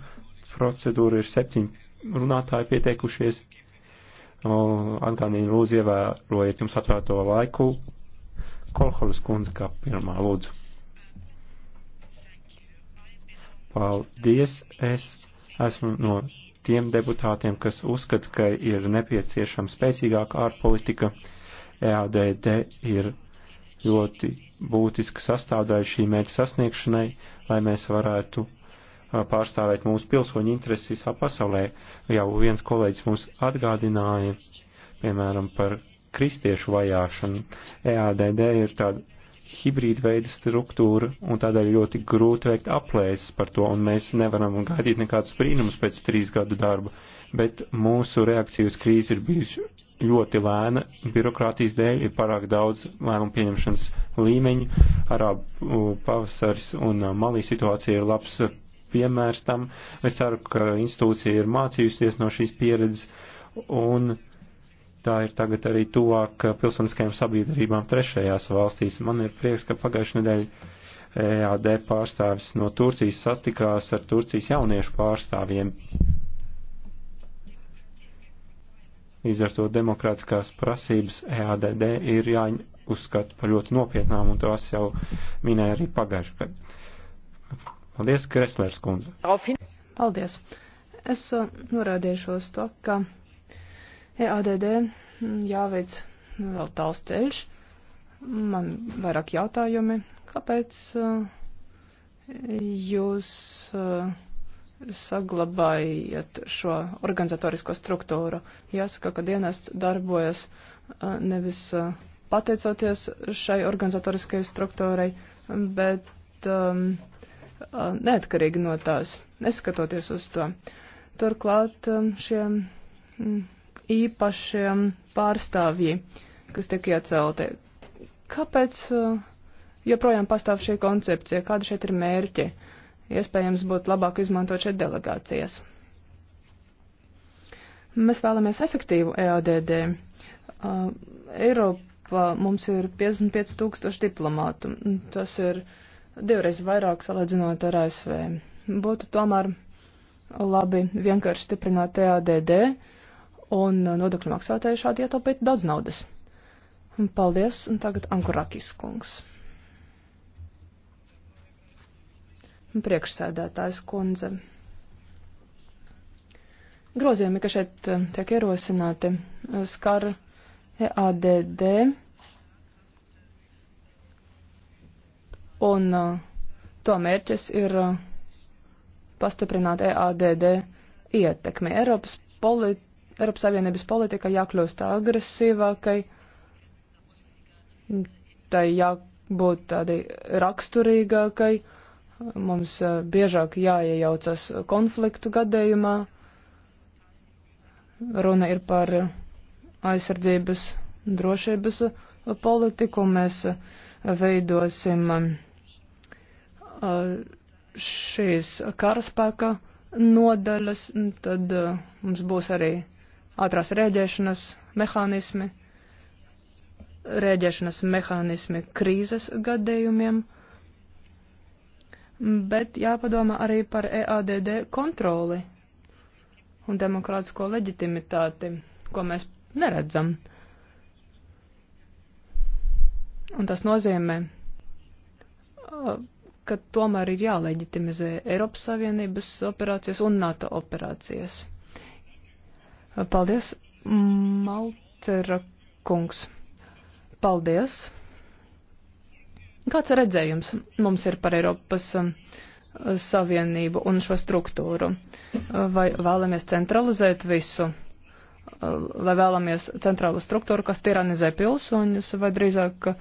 Procedūra ir septiņi runātāji pieteikušies. Atgādīju, lūdzu, ievērojiet jums atvērto laiku. Kolholas kundze kā pirmā lūdzu. Paldies! Es esmu no tiem deputātiem, kas uzskata, ka ir nepieciešama spēcīgāka ārpolitika. EADD ir ļoti būtiska sastāvdaļa šī mērķa sasniegšanai, lai mēs varētu pārstāvēt mūsu pilsoņu intereses visā pasaulē. Jau viens kolēģis mums atgādināja, piemēram, par kristiešu vajāšanu. EADD ir tāda hibrīda veida struktūra un tādēļ ļoti grūti veikt aplēses par to, un mēs nevaram gaidīt nekādus brīnumus pēc trīs gadu darba, bet mūsu reakcija uz krīzi ir bijusi ļoti lēna, birokrātijas dēļ ir pārāk daudz lēmumu pieņemšanas līmeņu, arābu pavasaris un malī situācija ir labs piemērs tam. Es ceru, ka institūcija ir mācījusies no šīs pieredzes un uh, tā ir tagad arī tuvāk pilsoniskajām sabiedrībām trešajās valstīs. Man ir prieks, ka pagājušajā nedēļā EAD pārstāvis no Turcijas satikās ar Turcijas jauniešu pārstāvjiem. Līdz ar to demokrātiskās prasības EADD ir jāuzskata par ļoti nopietnām, un tās jau minēja arī pagājušajā gadā. Paldies, Kreslers kundze. Paldies. Es uh, norādīšos to, ka EADD mm, jāveic vēl tāls ceļš. Man vairāk jautājumi, kāpēc uh, jūs uh, saglabājiet šo organizatorisko struktūru? Jāsaka, ka dienests darbojas uh, nevis pateicoties šai organizatoriskajai struktūrai, bet um, neatkarīgi no tās, neskatoties uz to. Turklāt um, šie mm, īpašie pārstāvji, kas tiek iecelti. Kāpēc eh, joprojām pastāv šī koncepcija? Kāda šeit ir mērķi? Iespējams, būtu labāk izmantot šeit delegācijas. Mēs vēlamies efektīvu EADD. Uh, eh, Eiropā mums ir 55 tūkstoši diplomātu. Tas ir divreiz vairāk salīdzinot ar ASV. Būtu tomēr labi vienkārši stiprināt EADD, un nodokļu maksātāji šādi ietaupītu daudz naudas. Un paldies, un tagad Ankurakis kungs. Priekšsēdētājs kundze. Grozījumi, ka šeit eh, tiek ierosināti, eh, skar EADD un eh, to mērķis ir pastiprināt EADD ietekmi. Eiropas polit Eiropas Savienības politika jākļūst agresīvākai, tai jābūt tādai raksturīgākai, mums eh, biežāk jāiejaucas konfliktu gadījumā. Runa ir par aizsardzības drošības politiku, mēs eh, veidosim eh, šīs karaspēka nodaļas, tad mums būs arī ātrās rēģēšanas mehānismi, rēģēšanas mehānismi krīzes gadījumiem, bet jāpadomā arī par EADD kontroli un demokrātisko leģitimitāti, ko mēs neredzam. Un tas nozīmē, ka tomēr ir jāleģitimizē Eiropas Savienības operācijas un NATO operācijas. Paldies, Maltera kungs. Paldies. Kāds redzējums mums ir par Eiropas um, Savienību un šo struktūru? Vai vēlamies centralizēt visu? Vai vēlamies centrālu struktūru, kas tiranizē pilsoņus, vai drīzāk uh,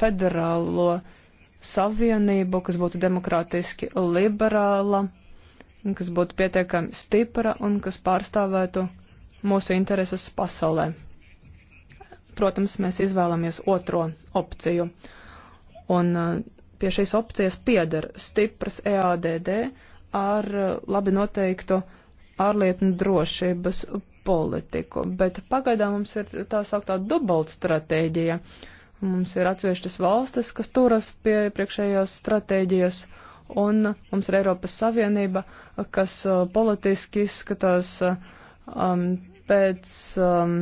federālo savienību, kas būtu demokrātiski liberāla, kas būtu pietiekami stipra un kas pārstāvētu uh, mūsu intereses pasaulē. Protams, mēs izvēlamies otro opciju. Un uh, pie šīs opcijas pieder stipras EADD ar uh, labi noteiktu ārlietu drošības politiku. Bet pagaidām mums ir tā sauktā dubalt stratēģija. Mums ir atsevišķas valstis, kas turas pie priekšējās stratēģijas, un mums ir Eiropas Savienība, kas uh, politiski izskatās um, pēc um,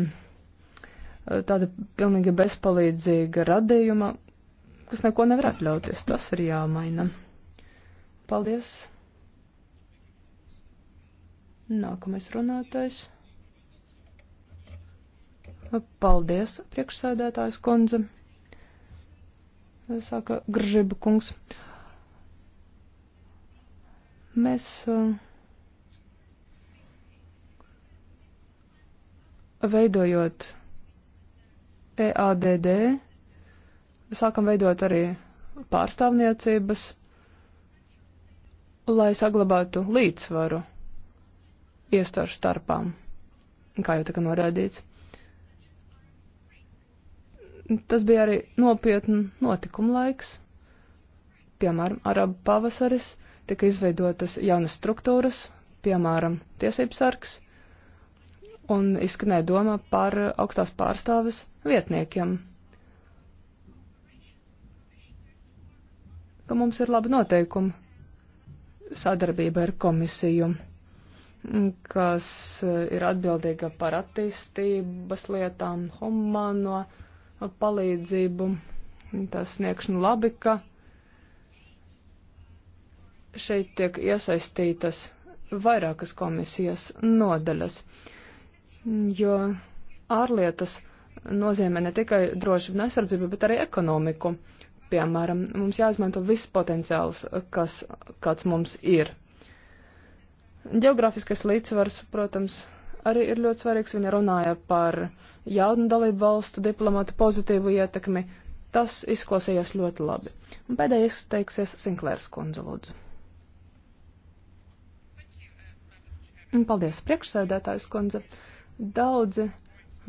tāda pilnīgi bezpalīdzīga radījuma, kas neko nevar atļauties. Tas ir jāmaina. Paldies! Nākamais runātais. Paldies, priekšsēdētājs kundze. Saka Gržība kungs. Mēs. Uh, veidojot EADD, sākam veidot arī pārstāvniecības, lai saglabātu līdzsvaru iestāžu starpām, kā jau tika norādīts. Tas bija arī nopietnu notikumu laiks, piemēram, Arabu pavasaris, tika izveidotas jaunas struktūras, piemēram, tiesības sargs, un izskanēja doma par augstās pārstāves vietniekiem. Ka mums ir labi noteikumi sadarbība ar komisiju, kas ir atbildīga par attīstības lietām, humano palīdzību, tas sniegšanu labi, ka šeit tiek iesaistītas vairākas komisijas nodaļas. Uh, jo ārlietas nozīmē ne tikai drošību un aizsardzību, bet arī ekonomiku. Piemēram, mums jāizmanto viss potenciāls, kas, kāds mums ir. Geogrāfiskais līdzsvars, protams, arī ir ļoti svarīgs. Viņa runāja par jaunu dalību valstu diplomātu pozitīvu ietekmi. Tas izklausījās ļoti labi. Un pēdējais teiksies Sinklērs kundze, lūdzu. Un paldies, priekšsēdētājs kundze. Uh, Daudzi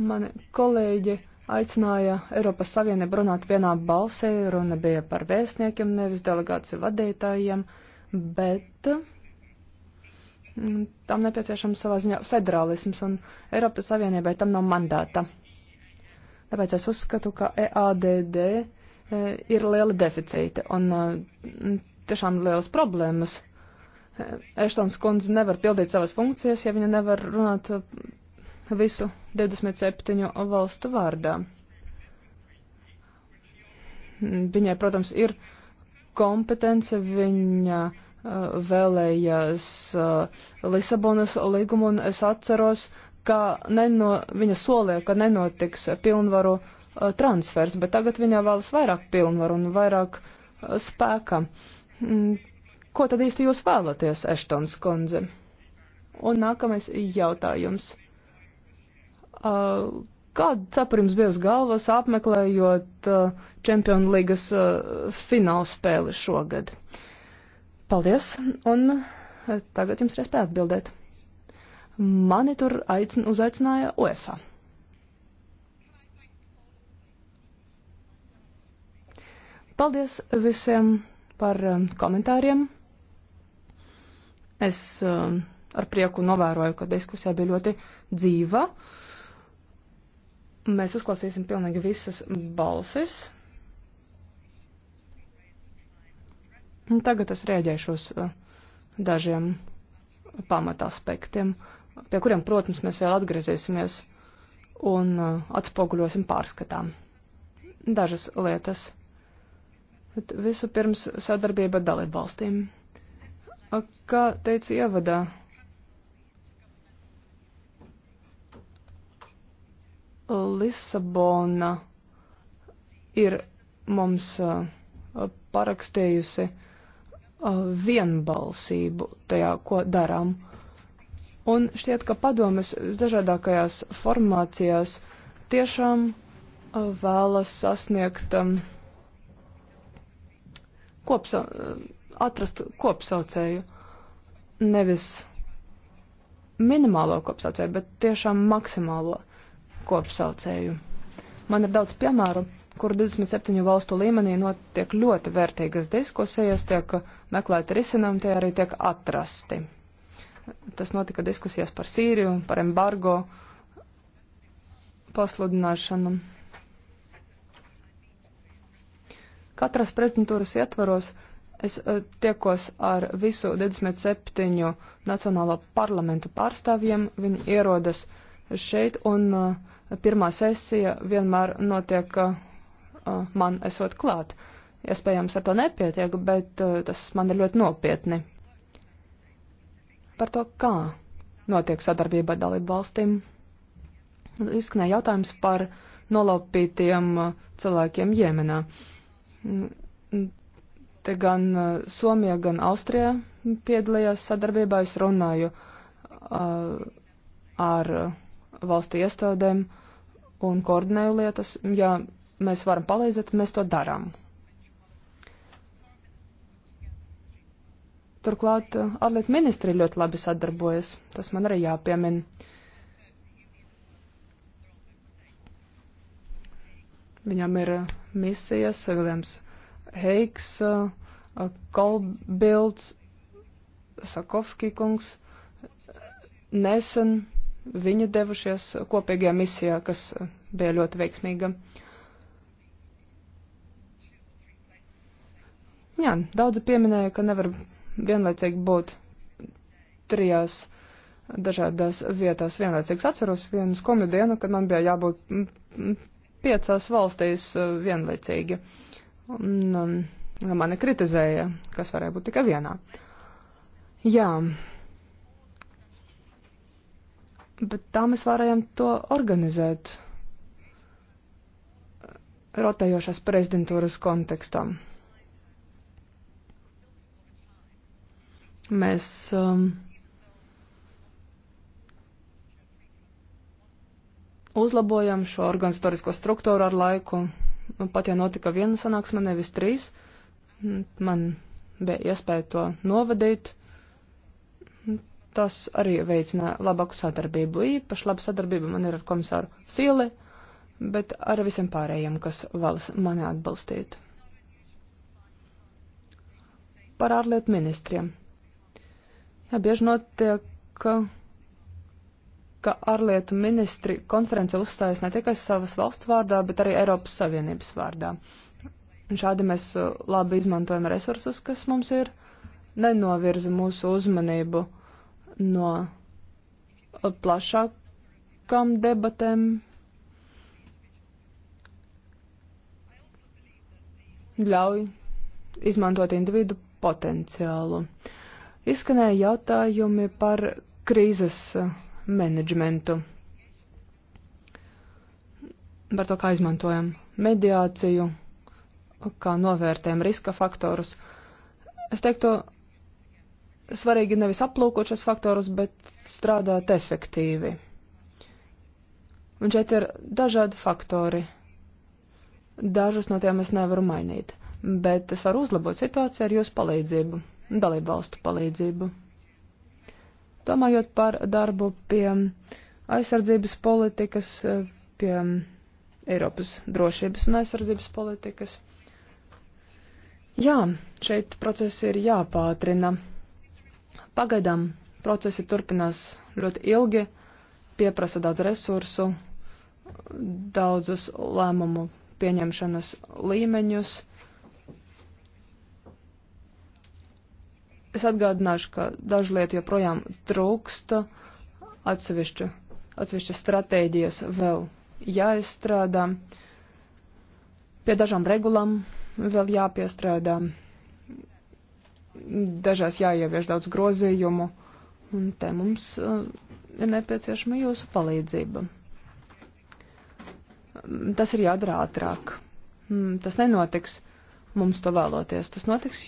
mani kolēģi aicināja Eiropas Savienību runāt vienā balsē, runa bija par vēstniekiem, nevis delegāciju vadītājiem, bet mm, tam nepieciešams savā ziņā federālisms, un Eiropas Savienībai tam nav mandāta. Tāpēc es uzskatu, ka EADD e, ir liela deficīte un mm, tiešām lielas problēmas. E, Eštons kundze nevar pildīt savas funkcijas, ja viņa nevar runāt visu 27 valstu vārdā. Viņai, protams, ir kompetence, viņa uh, vēlējās uh, Lisabonas līgumu, un es atceros, ka neno, viņa solīja, ka nenotiks pilnvaru uh, transfers, bet tagad viņa vēlas vairāk pilnvaru un vairāk spēka. Mm, ko tad īsti jūs vēlaties, Eštons kundze? Un nākamais jautājums. Uh, Kāda cepura jums bija uz galvas apmeklējot Čempionu uh, līgas uh, fināla spēli šogad? Paldies, un tagad jums ir iespēja atbildēt. Mani tur aicin, uzaicināja UEFA. Paldies visiem par um, komentāriem. Es um, ar prieku novēroju, ka diskusija bija ļoti dzīva. Mēs uzklausīsim pilnīgi visas balsis. Un tagad es rēģēšu uz uh, dažiem pamataspektiem, pie kuriem, protams, mēs vēl atgriezīsimies un uh, atspoguļosim pārskatā. Dažas lietas. Bet visu pirms sadarbība dalībvalstīm. Kā teica ievadā, Lisabona ir mums uh, parakstījusi uh, vienbalsību tajā, ko darām. Un šķiet, ka padomes dažādākajās formācijās tiešām uh, vēlas sasniegt um, kopsa, atrast kopsaucēju, nevis minimālo kopsaucēju, bet tiešām maksimālo kopsaucēju. Man ir daudz piemēru, kur 27 valstu līmenī notiek ļoti vērtīgas diskusijas, tiek meklēti risinājumi, tie arī tiek atrasti. Tas notika diskusijas par Sīriju, par embargo pasludināšanu. Katras prezidentūras ietvaros es e, tiekos ar visu 27 nacionālo parlamentu pārstāvjiem. Viņi ierodas šeit un uh, pirmā sesija vienmēr notiek uh, uh, man esot klāt. Iespējams, ar to nepietiek, bet uh, tas man ir ļoti nopietni. Par to, kā notiek sadarbība ar dalību valstīm, izskanēja jautājums par nolaupītiem uh, cilvēkiem Jemenā. Mm, te gan uh, Somija, gan Austrija piedalījās sadarbībā. Es runāju uh, ar. Uh, valstu iestādēm un koordinēju lietas. Ja mēs varam palīdzēt, tad mēs to darām. Turklāt eh, ārlietu ministri ļoti labi sadarbojas. Tas man arī jāpiemin. Viņam ir eh, misijas, eh, Viljams Heiks, Kolbilds, Sakovskij kungs, nesen Viņi devušies kopīgajā misijā, kas bija ļoti veiksmīga. Jā, daudzi pieminēja, ka nevar vienlaicīgi būt trijās dažādās vietās vienlaicīgs. Atceros vienu skumju dienu, kad man bija jābūt piecās valstīs uh, vienlaicīgi. Un um, mani kritizēja, kas varēja būt tikai vienā. Jā, Bet tā mēs varējām to organizēt rotējošās prezidentūras kontekstā. Mēs um, uzlabojam šo organizatorisko struktūru ar laiku. Nu, pat ja notika viena sanāksme, nevis trīs, man bija iespēja to novadīt. Uh, tas arī veicina labāku sadarbību. Īpaši laba sadarbība man ir ar komisāru Fili, bet ar visiem pārējiem, kas vēlas mani atbalstīt. Par ārlietu ministriem. Jā, bieži notiek, ka, ka ārlietu ministri konference uzstājas ne tikai savas valsts vārdā, bet arī Eiropas Savienības vārdā. Un šādi mēs uh, labi izmantojam resursus, kas mums ir, nenovirza mūsu uzmanību no plašākām debatēm. Ļauj izmantot individu potenciālu. Izskanēja jautājumi par krīzes menedžmentu, par to, kā izmantojam mediāciju, kā novērtējam riska faktorus. Es teiktu, svarīgi nevis aplūkot šos faktorus, bet strādāt efektīvi. Un šeit ir dažādi faktori. Dažus no tiem es nevaru mainīt, bet es varu uzlabot situāciju ar jūsu palīdzību, dalību valstu palīdzību. Domājot par darbu pie aizsardzības politikas, pie Eiropas drošības un aizsardzības politikas. Jā, šeit procesi ir jāpātrina Pagaidām procesi turpinās ļoti ilgi, pieprasa daudz resursu, daudzus lēmumu pieņemšanas līmeņus. Es atgādināšu, ka daži lieti joprojām trūksta, atsevišķa, atsevišķa stratēģijas vēl jāizstrādā, pie dažām regulām vēl jāpiestrādā dažās jāievieš daudz grozījumu, un te mums uh, ir nepieciešama jūsu palīdzība. Tas ir jādara ātrāk. Mm, tas nenotiks mums to vēloties. Tas notiks,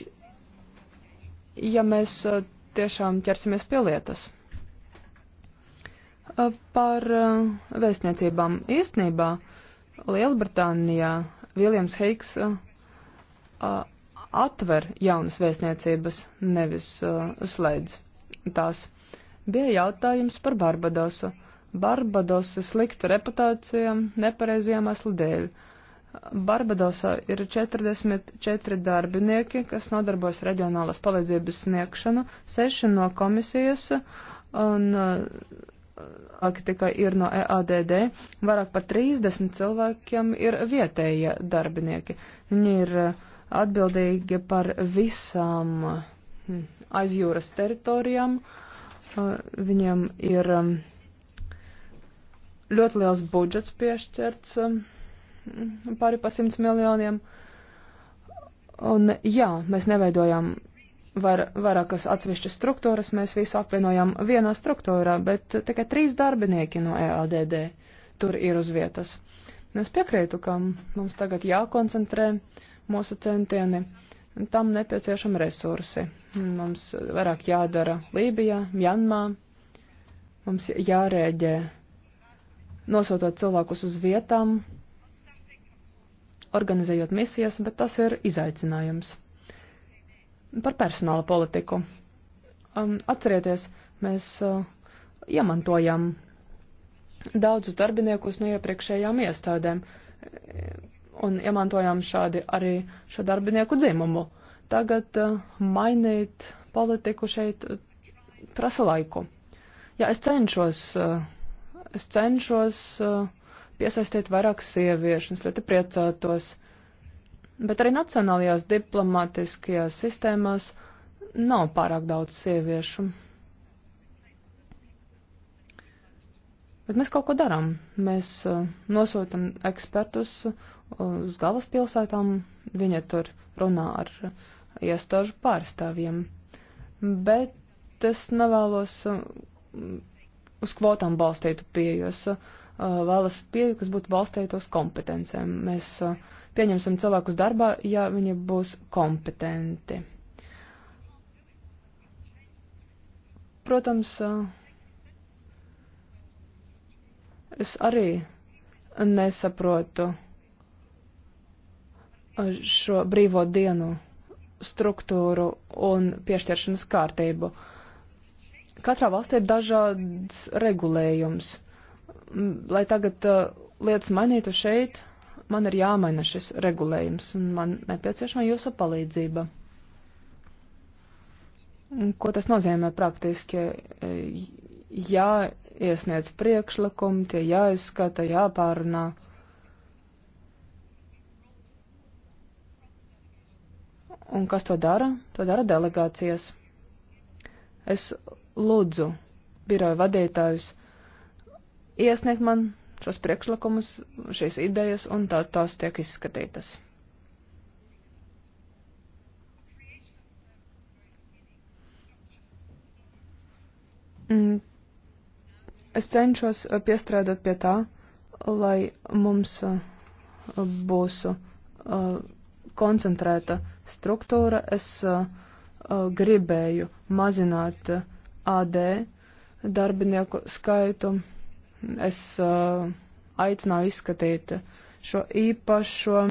ja mēs uh, tiešām ķersimies pie lietas. Uh, par vēstniecībām īstenībā Lielbritānijā Viljams Heiks atver jaunas vēstniecības, nevis uh, slēdz tās. Bija jautājums par Barbadosu. Barbadosa slikta reputācija nepareizajām aslu dēļ. Barbadosā ir 44 darbinieki, kas nodarbojas reģionālās palīdzības sniegšanu, 6 no komisijas un uh, tikai ir no EADD. Vairāk par 30 cilvēkiem ir vietējie darbinieki. Viņi ir uh, atbildīgi par visām hm, aizjūras teritorijām. Viņiem ir hm, ļoti liels budžets piešķirts, hm, pāri pa simts miljoniem. Un jā, mēs neveidojām var, vairākas atsevišķas struktūras, mēs visu apvienojām vienā struktūrā, bet tikai trīs darbinieki no EADD tur ir uz vietas. Es piekrītu, ka mums tagad jākoncentrē mūsu centieni. Tam nepieciešami resursi. Mums vairāk jādara Lībijā, Mjanmā. Mums jārēģē nosūtot cilvēkus uz vietām, organizējot misijas, bet tas ir izaicinājums. Par personāla politiku. Um, atcerieties, mēs uh, iemantojam daudzus darbiniekus no iepriekšējām iestādēm un iemantojām šādi arī šo darbinieku dzimumu. Tagad uh, mainīt politiku šeit uh, prasa laiku. Jā, es cenšos, uh, es cenšos uh, piesaistīt vairāk sieviešu, es ļoti priecātos, bet arī nacionālajās diplomatiskajās sistēmās nav pārāk daudz sieviešu. Bet mēs kaut ko darām. Mēs uh, nosūtam ekspertus uh, uz galvaspilsētām, viņi tur runā ar uh, iestāžu pārstāvjiem. Bet es nevēlos uz kvotām balstītu pieejos, vēlas pieju, kas būtu balstīta uz kompetencēm. Mēs pieņemsim cilvēkus darbā, ja viņi būs kompetenti. Protams, Es arī nesaprotu šo brīvo dienu struktūru un piešķiršanas kārtību. Katrā valstī ir dažāds regulējums. Lai tagad uh, lietas mainītu šeit, man ir jāmaina šis regulējums, un man nepieciešama jūsu palīdzība. Ko tas nozīmē praktiski? E, jāiesniedz priekšlikumi, tie jāizskata, jāpārunā. Un kas to dara? To dara delegācijas. Es lūdzu biroju vadītājus iesniegt man šos priekšlikumus, šīs idejas, un tā, tās tiek izskatītas. Mm, Es cenšos eh, piestrādāt pie tā, lai mums eh, būs eh, koncentrēta struktūra. Es gribēju mazināt AD darbinieku skaitu. Es aicināju izskatīt šo īpašo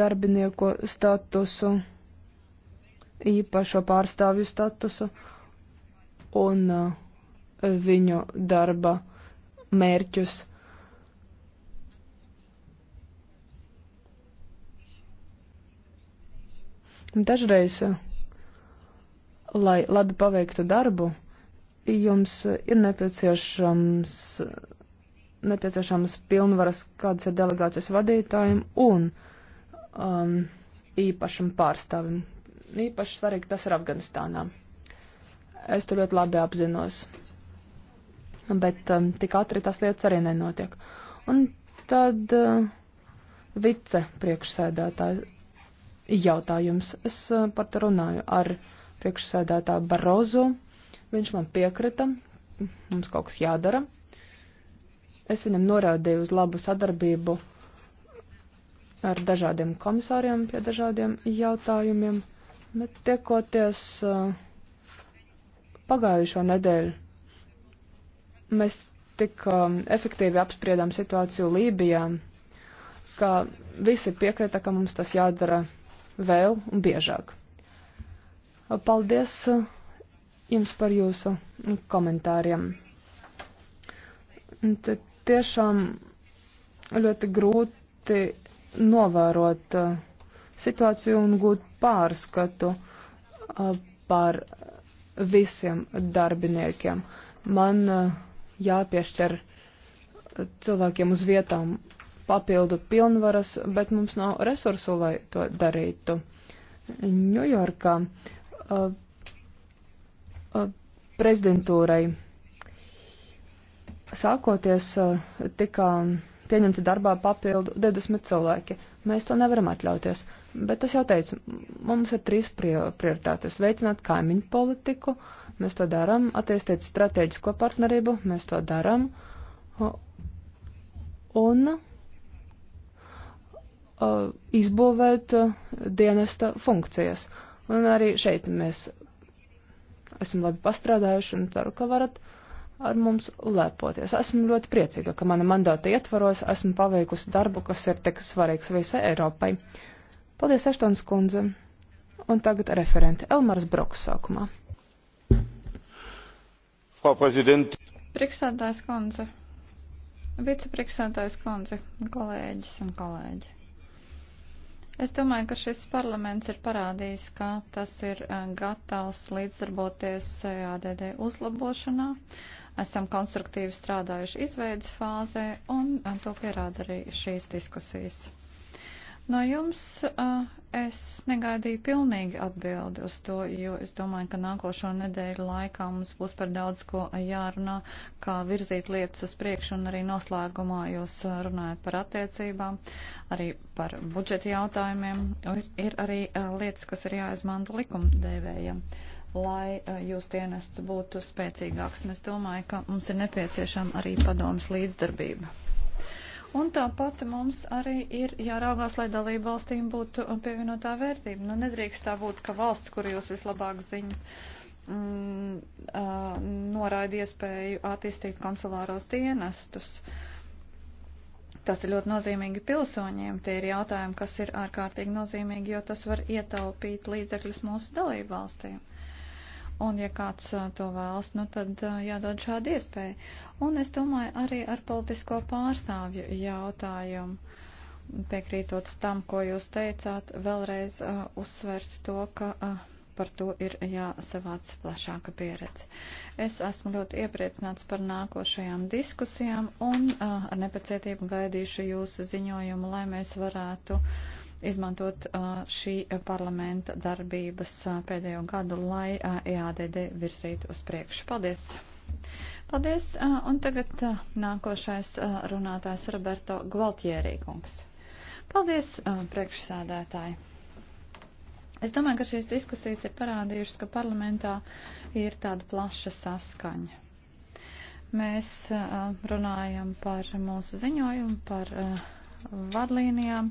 darbinieku statusu, īpašo pārstāvju statusu. Uh, un uh, viņu darba mērķus. Dažreiz, uh, lai labi paveiktu darbu, jums ir nepieciešams, nepieciešams pilnvaras, kādas ir delegācijas vadītājiem un um, īpašam pārstāvim. Īpaši svarīgi tas ir Afganistānā. Es to ļoti labi apzinos. Bet um, tik ātri tas lietas arī nenotiek. Un tad uh, vice priekšsēdētāja jautājums. Es uh, par to runāju ar priekšsēdētāju Barozu. Viņš man piekrita, mums kaut kas jādara. Es viņam norādīju uz labu sadarbību ar dažādiem komisāriem pie dažādiem jautājumiem, bet tiekoties uh, Pagājušo nedēļu mēs tik um, efektīvi apspriedām situāciju Lībijā, ka visi piekrita, ka mums tas jādara vēl un biežāk. Paldies uh, jums par jūsu komentāriem. T tiešām ļoti grūti novērot uh, situāciju un gūt pārskatu uh, par visiem darbiniekiem. Man eh, jāpiešķir eh, cilvēkiem uz vietām papildu pilnvaras, bet mums nav resursu, lai to darītu. Ņujorkā uh, eh, uh, prezidentūrai sākoties uh, tikā pieņemti darbā papildu 20 cilvēki. Mēs to nevaram atļauties. Bet es jau teicu, mums ir trīs prioritātes. Veicināt kaimiņu politiku, mēs to darām, attīstīt strateģisko partnerību, mēs to darām. Un uh, izbūvēt uh, dienesta funkcijas. Un arī šeit mēs esam labi pastrādājuši un ceru, ka varat uh, ar mums lepoties. Esmu ļoti priecīga, ka mana mandāta ietvaros esmu paveikusi darbu, kas ir tik svarīgs visai Eiropai. Paldies, Eštons kundze. Un tagad referente Elmars Broks sākumā. Priekšsēdājs kundze, vicepriekšsēdājs kundze, kolēģis un kolēģi. Es domāju, ka šis parlaments ir parādījis, ka tas ir eh, gatavs līdzdarboties eh, ADD uzlabošanā. Uh, esam konstruktīvi strādājuši izveidas fāzē, un to pierāda arī šīs diskusijas. No jums eh, es negaidīju pilnīgi atbildi uz to, jo es domāju, ka nākošo nedēļu laikā mums būs par daudz ko jārunā, kā virzīt lietas uz priekšu un arī noslēgumā jūs runājat par attiecībām, arī par budžeta jautājumiem. Ir arī eh, lietas, kas ir jāizmanta likumdevējiem. Uh, lai eh, jūs dienests būtu spēcīgāks. Un es domāju, ka mums ir nepieciešama arī padomas līdzdarbība. Un tāpat mums arī ir jāraugās, lai dalību valstīm būtu pievienotā vērtība. Nu, nedrīkst tā būt, ka valsts, kur jūs vislabāk ziņu, mm, uh, noraida iespēju attīstīt konsulāros dienestus. Tas ir ļoti nozīmīgi pilsoņiem. Tie ir jautājumi, kas ir ārkārtīgi nozīmīgi, jo tas var ietaupīt līdzekļus mūsu dalību valstīm. Un, ja kāds to vēlas, nu tad jādod šāda iespēja. Un es domāju arī ar politisko pārstāvju jautājumu. Piekrītot tam, ko jūs teicāt, vēlreiz uh, uzsvērt to, ka uh, par to ir jāsavāc plašāka pieredze. Es esmu ļoti iepriecināts par nākošajām diskusijām un uh, ar nepacietību gaidīšu jūsu ziņojumu, lai mēs varētu uh, izmantot šī parlamenta darbības pēdējo gadu, lai EADD virzītu uz priekšu. Paldies! Paldies! Un tagad nākošais runātājs Roberto Gvaltierī kungs. Paldies, priekšsēdētāji! Es domāju, ka šīs diskusijas ir parādījušas, ka parlamentā ir tāda plaša saskaņa. Mēs runājam par mūsu ziņojumu, par uh, vadlīnijām.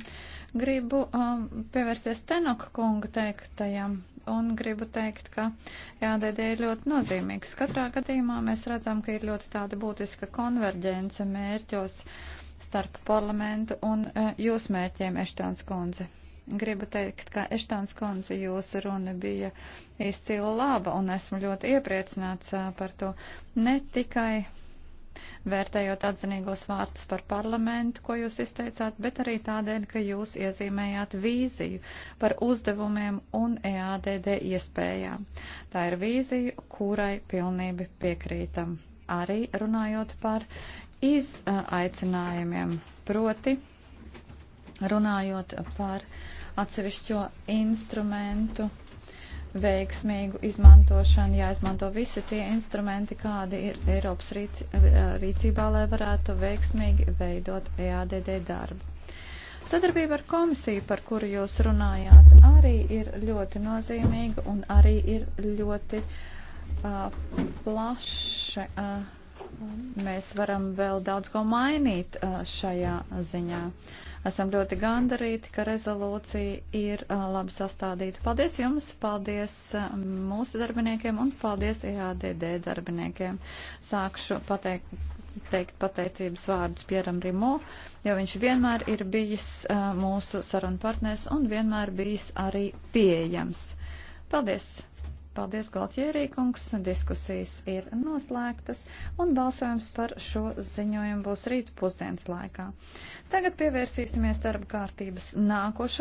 Gribu um, pievērsties Tenoka kunga teiktajam un gribu teikt, ka JADD ir ļoti nozīmīgs. Katrā gadījumā mēs redzam, ka ir ļoti tāda būtiska konverģence mērķos starp parlamentu un uh, eh, jūs mērķiem, Eštāns kundze. Gribu teikt, ka Eštāns kundze jūsu runa bija izcila laba un esmu ļoti iepriecināts uh, par to ne tikai vērtējot atzinīgos vārdus par parlamentu, ko jūs izteicāt, bet arī tādēļ, ka jūs iezīmējāt vīziju par uzdevumiem un EADD iespējām. Tā ir vīzija, kurai pilnība piekrītam. Arī runājot par izaicinājumiem, proti runājot par atsevišķo instrumentu veiksmīgu izmantošanu, jāizmanto visi tie instrumenti, kādi ir Eiropas rīcībā, lai varētu veiksmīgi veidot EADD darbu. Sadarbība ar komisiju, par kuru jūs runājāt, arī ir ļoti nozīmīga un arī ir ļoti uh, plaša. Uh, mēs varam vēl daudz ko mainīt uh, šajā ziņā. Uh, Esam ļoti gandarīti, ka rezolūcija ir labi sastādīta. Paldies jums, paldies mūsu darbiniekiem un paldies EADD darbiniekiem. Sākšu pateikt, teikt pateicības vārdus Pieram Rimo, jo viņš vienmēr ir bijis mūsu sarunu partners un vienmēr bijis arī pieejams. Paldies! Paldies, Galtjērī kungs. Diskusijas ir noslēgtas un balsojums par šo ziņojumu būs rīt pusdienas laikā. Tagad pievērsīsimies darba kārtības nākošajai.